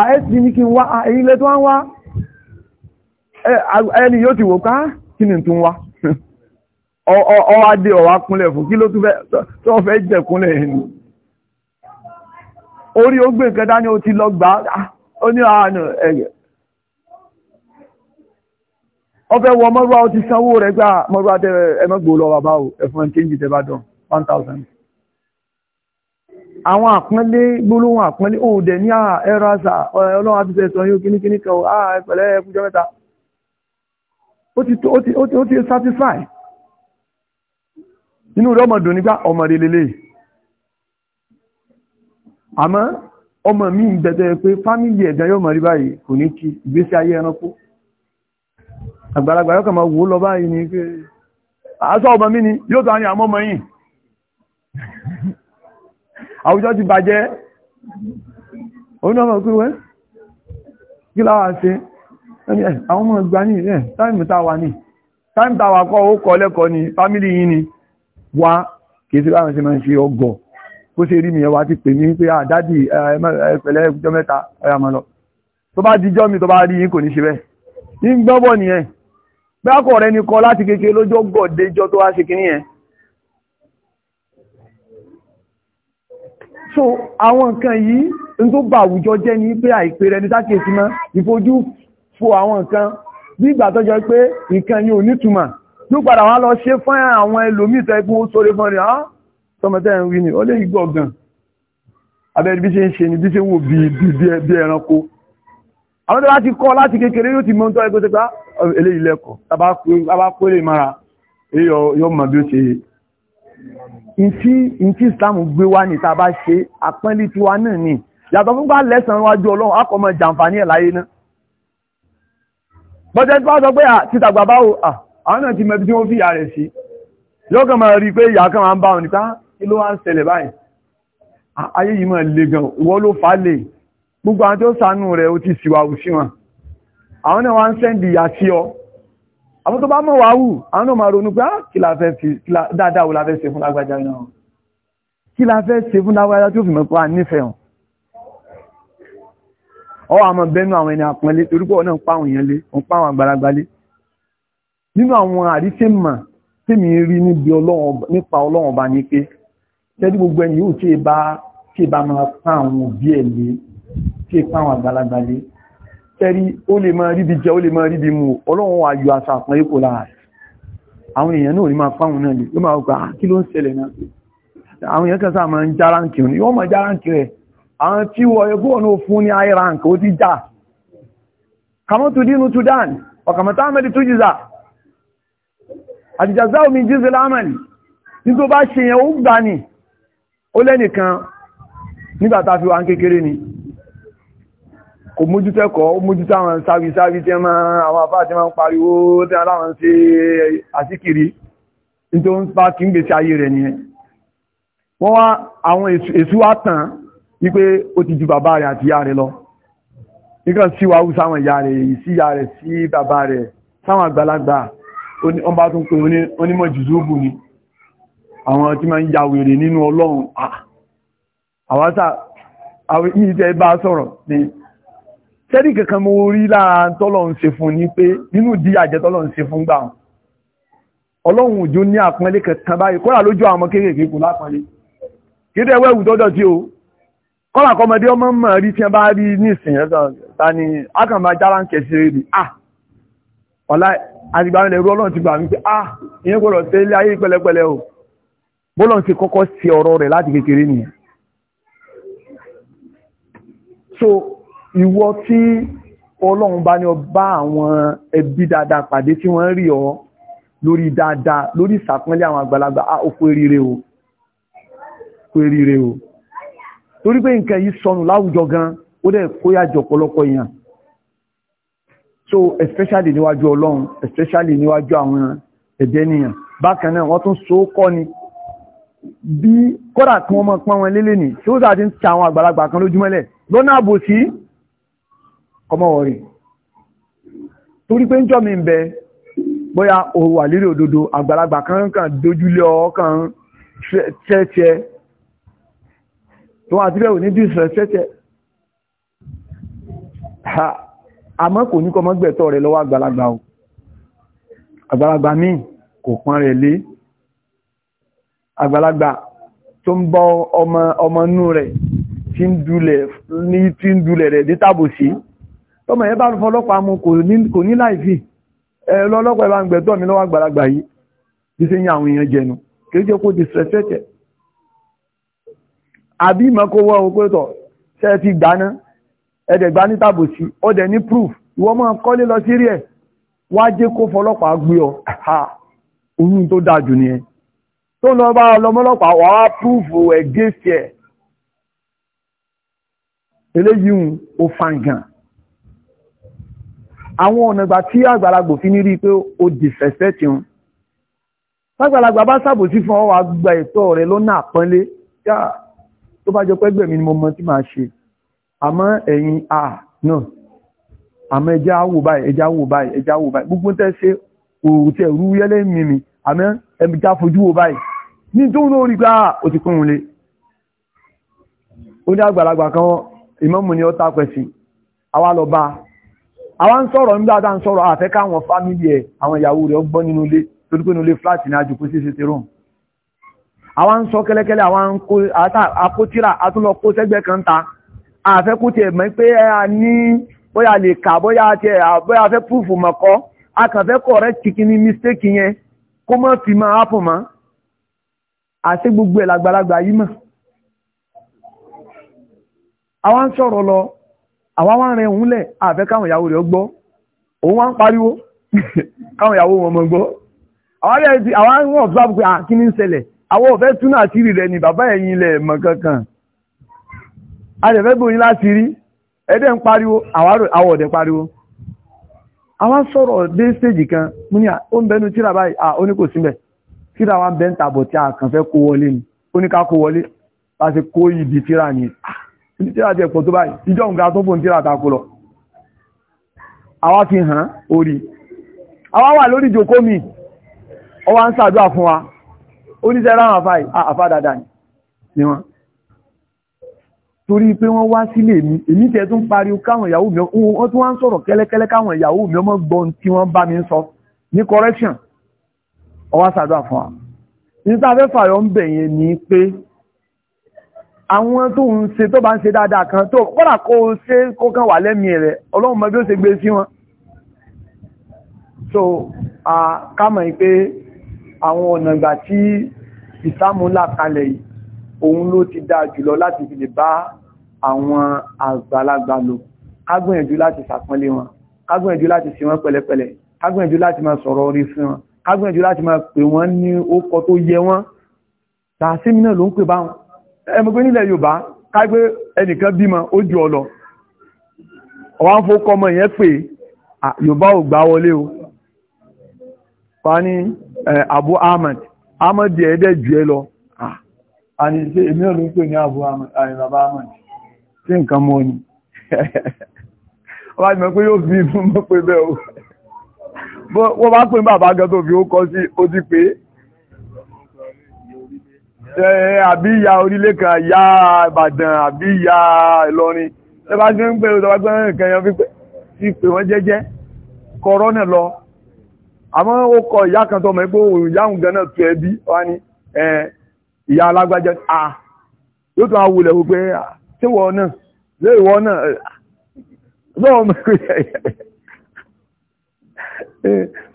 àẹ́sì ní kí n wá èyí lẹ́ tó ń wá ẹni yóò ti wò ká kí ni tún wá ọwádé ọwá kúnlẹ̀ fún kí ló tún fẹ́ jẹ ẹni orí ó gbé nǹkan dání ó ti lọ gbà ó ní àánú ẹ̀yẹ̀ ọfẹ́ wọ mọ́rúwá ó ti sanwó rẹ̀ gbà mọ́rúwá ẹmọ́gbò lọ bàbá ẹ̀fọn kéjì tẹ́bá 1000 àwọn àpọ́nlé gbólóhùn àpọ́nlé ó dẹ̀ ní ah, ẹ̀rọ àṣà ọlọ́run àti sọ yóò kíníkíní kan ah, ó ẹ̀pẹ̀lẹ̀ ẹkùnjọ́ mẹ́ta ó ti satisfy inú rẹ̀ ọmọ nígbà lélẹ̀ ọmọ mi ń bẹ̀tẹ̀ pé fámílì yóò mọ̀ báyìí àwùjọ ti bàjẹ́ òun náà mọ̀ pé wẹ́ kí láwà ṣe àwọn ọmọ ìgbà ní ẹ̀ táìmù táwà ní táìmù táwà kọ́ ó kọ́ lẹ́kọ́ ní fámílì yìí ni wá kìí sí láwọn ṣe máa ń ṣe ọgọ̀ kó ṣe rí mi ẹwà ti pè mí pé àdádì ẹ̀pẹ̀lẹ́ ẹjọ́ mẹ́ta ọ̀yà máa lọ tó bá dijọ́ mi ni kọ́ láti kékeré lójó gọ̀dẹ́jọ́ tó wá so àwọn nǹkan yìí n tó bá àwùjọ jẹ́ ní pé àìpé rẹ ní sákèsí mọ́ ìfojú fo àwọn nǹkan bí ìgbà tó jẹ́ pé nǹkan yìí ò nítumọ̀ ló padà wá lọ ṣe fún àwọn ẹlòmíì tó ẹkún ó sóre fún rẹ̀ á tọmọtẹ́ ń wí ni ó lè gbọ́ gan abẹ́rẹ́ bí ṣe ń ṣe ni bí ṣe ń wò bí ẹranko àwọn tó bá ti kọ́ láti kékeré yóò ti mọ́ tó ẹgbẹ́ tó pé ah, eléyìí lẹ́kọ̀ọ́ ìtí islam gbé wá ní tàbá ṣe àpẹ́lẹ̀ tí wá náà ní yàtọ̀ fún bá lẹ́sàn wájú ọlọ́run akọmọ jàǹfààní ẹ̀ láyé náà bọ́jẹ́ tí wá sọ pé títàgbà báwo àwọn náà ti mẹ́bí tí wọ́n fi ìyà rẹ̀ sí yóò kàn máa rí pé ìyà kan máa ń bá wọn nípa kí ló wá ń ṣẹlẹ̀ báyìí ayé yìí máa le gan ìwọ ló fà á lè gbogbo àwọn tó sànú rẹ̀ ó ti ṣìwà òṣìwọ̀n àwọn náà wá àwọn tó bá mọ̀ wá wù àwọn náà máa ronú pé ah, la fẹ́ fi dáadáa wò la fẹ́ ṣe fún lágbájá náà kí la fẹ́ ṣe fún lágbájá tó fi mọ̀ pé a nífẹ̀ẹ́ hàn ọ àmọ̀ bẹ́nu àwọn ẹni àpọ́nlé torípọ̀ náà páwọn èèyàn lé òun páwọn àgbàlagbà lé nínú àwọn àríṣẹ́ mà tèmi rí níbi nípa ọlọ́run ọba ní pé tẹ́lí gbogbo ẹni yóò tí ì bá máa pa àwọn òbí ẹ̀ lé tí ì pa àwọn àgbàlagbà tẹ́rí ó lè máa ríbi jẹ ó lè máa ríbi mú ọlọ́run wà yọ àṣà àpọ̀ ipò láàrẹ̀ àwọn èèyàn náà ní máa fáwọn náà lè ló máa gbà ah, kí ló ń ṣẹlẹ̀ náà àwọn èèyàn kan sáà máa ń já ránkì ní wọ́n máa já ránkì rẹ̀ àwọn tí wọ́n yẹ kúrò ní high rank ó ti já kàmọ́ tó dínú tó dán ni kò mójútẹ́kọ̀ọ́ ó mójútẹ́ àwọn sáwísáwí tí máa àwọn àfáà tí máa ń pariwo tí aláwọn ṣe àsíkiri tó ń bá kí ń gbèsè ayé rẹ̀ nìyẹn wọ́n wá àwọn èṣù wá tàn wípé ó ti ju bàbá rẹ̀ àti ìyá rẹ̀ lọ nígbà sí wa wúsá àwọn ìyá rẹ̀ sí ìyá rẹ̀ sí bàbá rẹ̀ sáwọn àgbàlagbà wọ́n bá tún pé onímọ̀ jùzúbù ni àwọn tí máa ń ya wèrè nínú ọlọ́run àwọn àtà àwọn ìyí tẹ́ bá sọ̀rọ̀ sẹ́rí kankan mo rí lára tọ́lọ̀ ń fún ní pé nínú ìdí àjẹ́ tọ́lọ̀ ń fún gbà ọlọ́run òjò ní kankan báyìí kọ́là lójú àwọn kéékèèké kù lápọ́nlé kéde ẹwẹ́ ìwù tọ́jọ́ tí o kọ́là kọmọdé ọmọ mọ̀ rí tí wọ́n bá rí ní ìsìn ta ni jára ń kẹsí ah ọ̀la ah ìyẹn ilé ayé o bọ́lọ̀ ti kọ́kọ́ ọ̀rọ̀ rẹ̀ láti kékeré nìyẹn ìwọ tí ọlọ́run bá ní ọba àwọn ẹbí dáadáa pàdé tí wọ́n rí ọ lórí dáadáa lórí ìsàpínlẹ̀ àwọn àgbàlagbà ó kú eríire o kú eríire o torí pé nǹkan yìí sọnù láwùjọ gan ó dẹ̀ kóyàjọ ọ̀pọ̀lọpọ̀ èèyàn so especially níwájú ọlọ́run especially níwájú àwọn ẹ̀dẹ́ nìyàn bákan náà wọ́n tún so kọ́ ni bí kódà kí wọ́n mọ̀ pọ́n wọn lélẹ̀ ní tí ó dà ti ń ta àwọn àgbàlagbà kan lójúmọ́lẹ̀ lọ́nà àbòsí kọmọ́wọ́ rí torí pé ń jọ́ mi ń bẹ bóyá òru àlérí òdodo àgbàlagbà kan kan dojúlé ọkàn tẹ́tẹ́ tó àti bẹ́ẹ̀ òní dìsẹ̀ tẹ́tẹ́ àmọ́ kò ní kọmọ́ gbẹ̀tọ́ rẹ̀ lọ́wọ́ àgbàlagbà o àgbàlagbà míì kò pọ́n rẹ̀ lé àgbàlagbà tó ń bọ́ ọmọ inú rẹ̀ tí ń dulẹ̀ rẹ̀ dé tàbòsí ọmọ yẹn bá ń fọlọ́pàá mu kò ní láìfì ẹ lọ́lọ́pàá bá ń gbẹ̀tọ́ mi lọ́wọ́ àgbàlagbà yìí bí ṣe ń yà àwọn èèyàn jẹnu kìí jẹ́ kó disrespect àbí ìmọ̀kó wọ́ ṣe ti gbaná ẹ̀dẹ̀ gbá ní tàbòsí ọdẹ ní proof ìwọ máa kọ́lé lọ sí rí ẹ̀ wá jẹ́ kó fọlọ́pàá gbé ọ ha oyún tó dáa jù nìyẹn tó ń lọ bá ọlọmọlọ́pàá wàá proof ẹ̀ gé sí ẹ̀ eléyìí ò fàǹgàn àwọn ọ̀nà ìgbà tí àgbàlagbò fi ní rí pé ó dìfẹ̀sẹ̀ tí wọn lágbàlagbà bá sàbòsí fún ọwọ́ àgbà ẹ̀tọ́ rẹ̀ lọ́nà àpọ́nlé yá tó bá jọ pé gbẹ̀mí ni mo mọ tí màá ṣe àmọ́ ẹ̀yin à náà àmọ́ ẹja wò báyìí ẹja wò báyìí ẹja wò báyìí gbogbo tẹ́ ṣe òòtẹ̀ rú yẹ́lẹ́ mi mi àmọ́ ẹja fojú wò báyìí ní tó ń rí gbá ó ti kún un lé ó ní àgbàlagbà kan ìmọ̀mù ni ó ta pẹ̀sì àwa lọ bá a àwọn ń sọ̀rọ̀ nígbà tá ń sọ̀rọ̀ àfẹ́ káwọn fámílì ẹ̀ àwọn ìyàwó rẹ̀ gbọ́ nínú ilé torí pé nínú ilé fúláàtì ní ajùkú sí ṣe rome àwọn ń sọ kẹ́lẹ́kẹ́lẹ́ àwọn akótíra atúnlọ kó sẹ́gbẹ́ kan ta àfẹ́ kú tiẹ̀ mọ́ a ní bóyá lè kà bóyá tiẹ̀ bóyá fẹ́ púrùfù mọ̀kọ́ a kàn fẹ́ kọ̀ rẹ́ kìkì ní mistake yẹn kó mọ́ fi máa hápù mọ́ àti gbogbo ẹ̀ lágbàlagbà yìí mọ̀ àwọn ń sọ̀rọ̀ lọ àwa wá rẹ̀ òun lẹ̀ àfẹ́ káwọn ìyàwó rẹ̀ gbọ́ òun wá ń pariwo (laughs) káwọn ìyàwó wọn mọ̀ gbọ́ àwa rẹ̀ ti àwa ń wọ̀n fúláàbù pé kí ní ń ṣẹlẹ̀ àwọn òfẹ́ túnà àṣírí rẹ̀ ni bàbá ẹ̀yìn ilẹ̀ mọ̀ kankan a lè fẹ́ gbòyìn láti rí ẹ̀dẹ̀ ń pariwo àwọ̀ ọ̀dẹ̀ pariwo àwa sọ̀rọ̀ dé stéèjì tíra jẹ́ pọ̀ tó báyìí ìjọ ǹga tó fún tíra àtàkù lọ àwa fi hàn orí àwa wà lórí ìjòkó mi ọwá ń sàdúrà fún wa ó ní sẹ́rà àwọn àfáì àfá dáadáa ni wọ́n torí pé wọ́n wá sílé mi èmi tẹ́ tún pariwo káwọn ìyàwó mi wọ́n tún wá ń sọ̀rọ̀ kẹ́lẹ́kẹ́lẹ́ káwọn ìyàwó mi gbọ́n tí wọ́n bá mi sọ ní correction ọwá sàdúrà fún wa ní sáfẹ́fà yọ ń bẹ̀yẹn ni pé àwọn tó ń ṣe tó bá ń ṣe dáadáa kan tó kọ́nà kó ṣe kó kàn wà lẹ́mí rẹ̀ ọlọ́run mọ́ bí ó ṣe gbé sí wọn so a kámọ̀ pé àwọn ọ̀nà ìgbà tí ìsámú lákalẹ̀ yìí òun ló ti dáa jùlọ láti fi lè bá àwọn àgbàlagbà lò kágbìyànjú láti ṣàpọ́nlé wọn kágbìyànjú láti ṣe wọn pẹ̀lẹ́pẹ̀lẹ́ kágbìyànjú láti máa sọ̀rọ̀ orí ẹmọ̀gbé nílẹ̀ Yorùbá kágbé ẹnìkan bímọ ó jù ọ lọ ọwá ń fókọ ọmọ yẹn pé Yorùbá ò gbá wọlé o pa ní Abu Ahmed Ahmed yẹ ẹdẹ jù ẹ lọ àní ṣe èmi ò ló ń pè ní Abu Ahmed àní bàbá Ahmed ṣé nǹkan mọ ni (laughs) ọba ìmọ̀ pé yóò fi inú mọ́ pé bẹ́ẹ̀ o wọ́n bá pè ní bàbá gan tó fi ó kọ sí ó ti pé é àbí ìyá orílẹ̀ kan ìyá Ìbàdàn àbí ìyá Ìlọrin tẹ́bá gbé ń pè ó tọ́bá gbé nǹkan yẹn fi pè wọ́n jẹ́jẹ́ kọ́rọ́nà lọ àmọ́ ó kọ ìyá kan tó mọ̀ pé ìyáhùn gan náà tu ẹbí wá ní ìyá alágbájá à yóò tún awulẹ̀ wípé ṣé wọ́n náà lé ìwọ náà lọ́wọ́ mọ̀ pé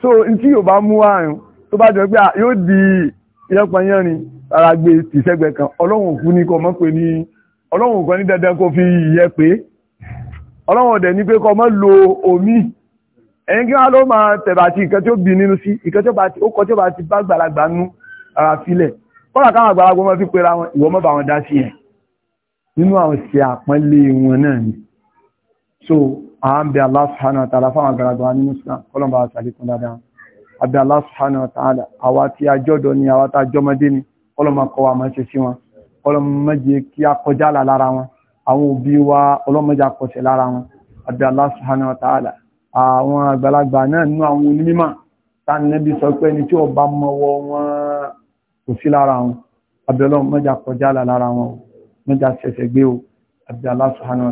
so n tí yóò bá mú àrùn tó bá jọ pé yóò di ìyápa yẹn ni ara gbé tìṣẹ́gbẹ̀ kan ọlọ́run òkú ní kọ́ mọ́ pé ní ọlọ́run òkú ní dandan kó fi ìyẹ́ pé ọlọ́run ọ̀dẹ̀ ní pé kọ́ mọ́ lo omi ẹ̀yìn kí wọ́n ló máa tẹ̀bà àti ìkan tí ó bí nínú sí ìkan tí ó kọ́ tí ó bá ti bá gbàlagbà nú ara filẹ̀ kọ́lá káwọn àgbàlagbà wọn fi pera wọn ìwọ mọ́ bá wọn dá sí ẹ̀ nínú àwọn ṣe àpọ́nlé wọn náà ni so à ń bẹ Allah subhanahu wa ta'ala fáwọn àgbàlagbà nínú sí náà kọ́lọ́mbà àṣàlékún dáadáa àbí Allah subhanahu wa ta'ala àwa tí a jọ́dọ̀ ni àwa tá a jọmọdé ni ọlọ́mọ kọ́ wa máa ṣe sí wọn ọlọ́mọ méje kí a kọjá là lára wọn àwọn òbí wa ọlọ́mọdé akọ̀ṣẹ̀ lára wọn àbí Allah subhanahu wa ta'ala àwọn àgbàlagbà náà nínú àwọn onímọ̀ táni nẹ́bí sọ pé ẹni tí ó bá mọ́wọ́ wọn kò sí lára wọn àbí ọlọ́mọ méje lára wọn méje àṣẹṣẹ gbé o àbí Allah subhanahu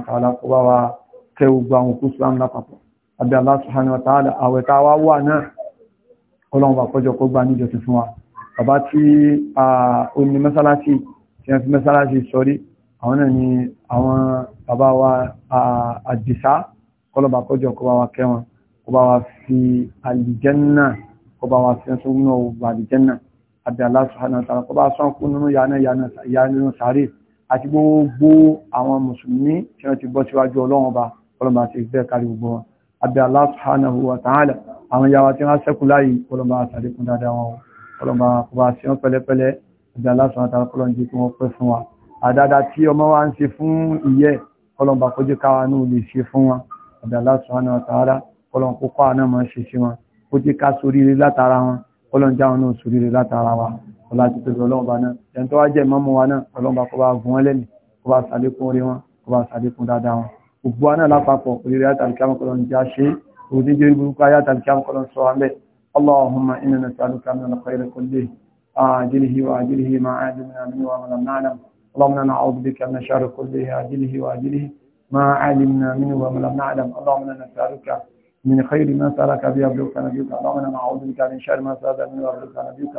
wa kọlọ́wọ́n bá kọjọ kó gbá níjọ ti fún wa bàbá tí ó ní mẹ́sálásí tí wọ́n fi mẹ́sálásí sọrí àwọn náà ni àwọn bàbá wa àdìsá kọlọ́wọ́n bá kọjọ kó bá wa kẹwọn kó bá wa fi àlìjẹ́nà kó bá wa fi ẹ̀sùn náà wò bá àlìjẹ́nà àbí Allah subhanahu wa ta'ala kó bá sọ́n kú nínú yàánà yàánà sáré àti gbogbo àwọn mùsùlùmí tí wọ́n ti bọ́ síwájú ọlọ́wọ́n bá kọlọ́wọ́n bá ti fẹ́ kárí gbogbo wọn àbí Allah subhanahu àwọn ìyá wa tí wọ́n sẹ́kù láyé kọlọmbà àtàríkún dáadáa wọn kọlọmbà kò bá sí wọn pẹ̀lẹ́pẹ̀lẹ́ ìjà lásán àtàrà wa àdáadáa tí ọmọ wa ń ṣe fún ìyẹ́ kọlọmbà kó jẹ́ káwa náà lè ṣe fún wa ìjà lásán àtàrà kọlọ̀ kó kọ́ àná máa ṣe sí wọn kó jẹ́ ká soríire látara wọn kọlọ̀ já wọn náà soríire látara wa ọlá ti tóbi ọlọ́ọ̀bá náà ẹni tó wá dáadáa wọn gbogbo wa náà lápapọ̀ oríire àtàríkà mọ́kànlá ń já ṣe وديجي بروك آيات الكام قلن سوامي اللهم إنا نسألك من الخير كله آجله وآجله ما علمنا منه وما لم نعلم اللهم نعوذ بك من الشر كله آجله وآجله ما علمنا منه وما لم نعلم اللهم نسألك من خير ما سألك به عبدك نبيك اللهم نعوذ بك من شر ما سألك منه عبدك نبيك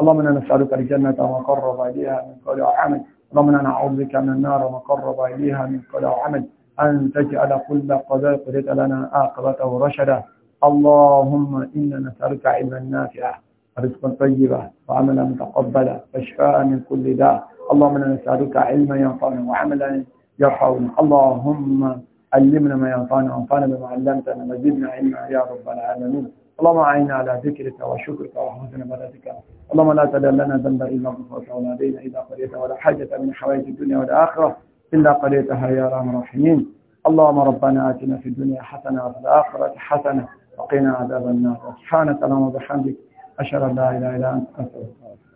اللهم نسألك الجنة وما قرب إليها من قول وعمل اللهم نعوذ بك من النار وما قرب إليها من قول وعمل أن تجعل كل قضاء قضيت لنا آقبة ورشدة اللهم إنا نسألك علما نافعا رزقا طيبا وعملا متقبلا وشفاء من كل داء اللهم إنا نسألك علما ينفعنا وعملا يرحمنا اللهم علمنا ما ينفعنا وانفعنا بما علمتنا وزدنا علما يا رب العالمين اللهم أعنا على ذكرك وشكرك وحسن عبادتك اللهم لا تدع لنا ذنبا الا غفرته ولا دين الا قضيته ولا حاجه من حوائج الدنيا والاخره إلا قضيتها يا أرحم الراحمين اللهم ربنا آتنا في الدنيا حسنة وفي الآخرة حسنة وقنا عذاب النار سبحانك اللهم وبحمدك أشهد أن لا إله إلا أنت أستغفرك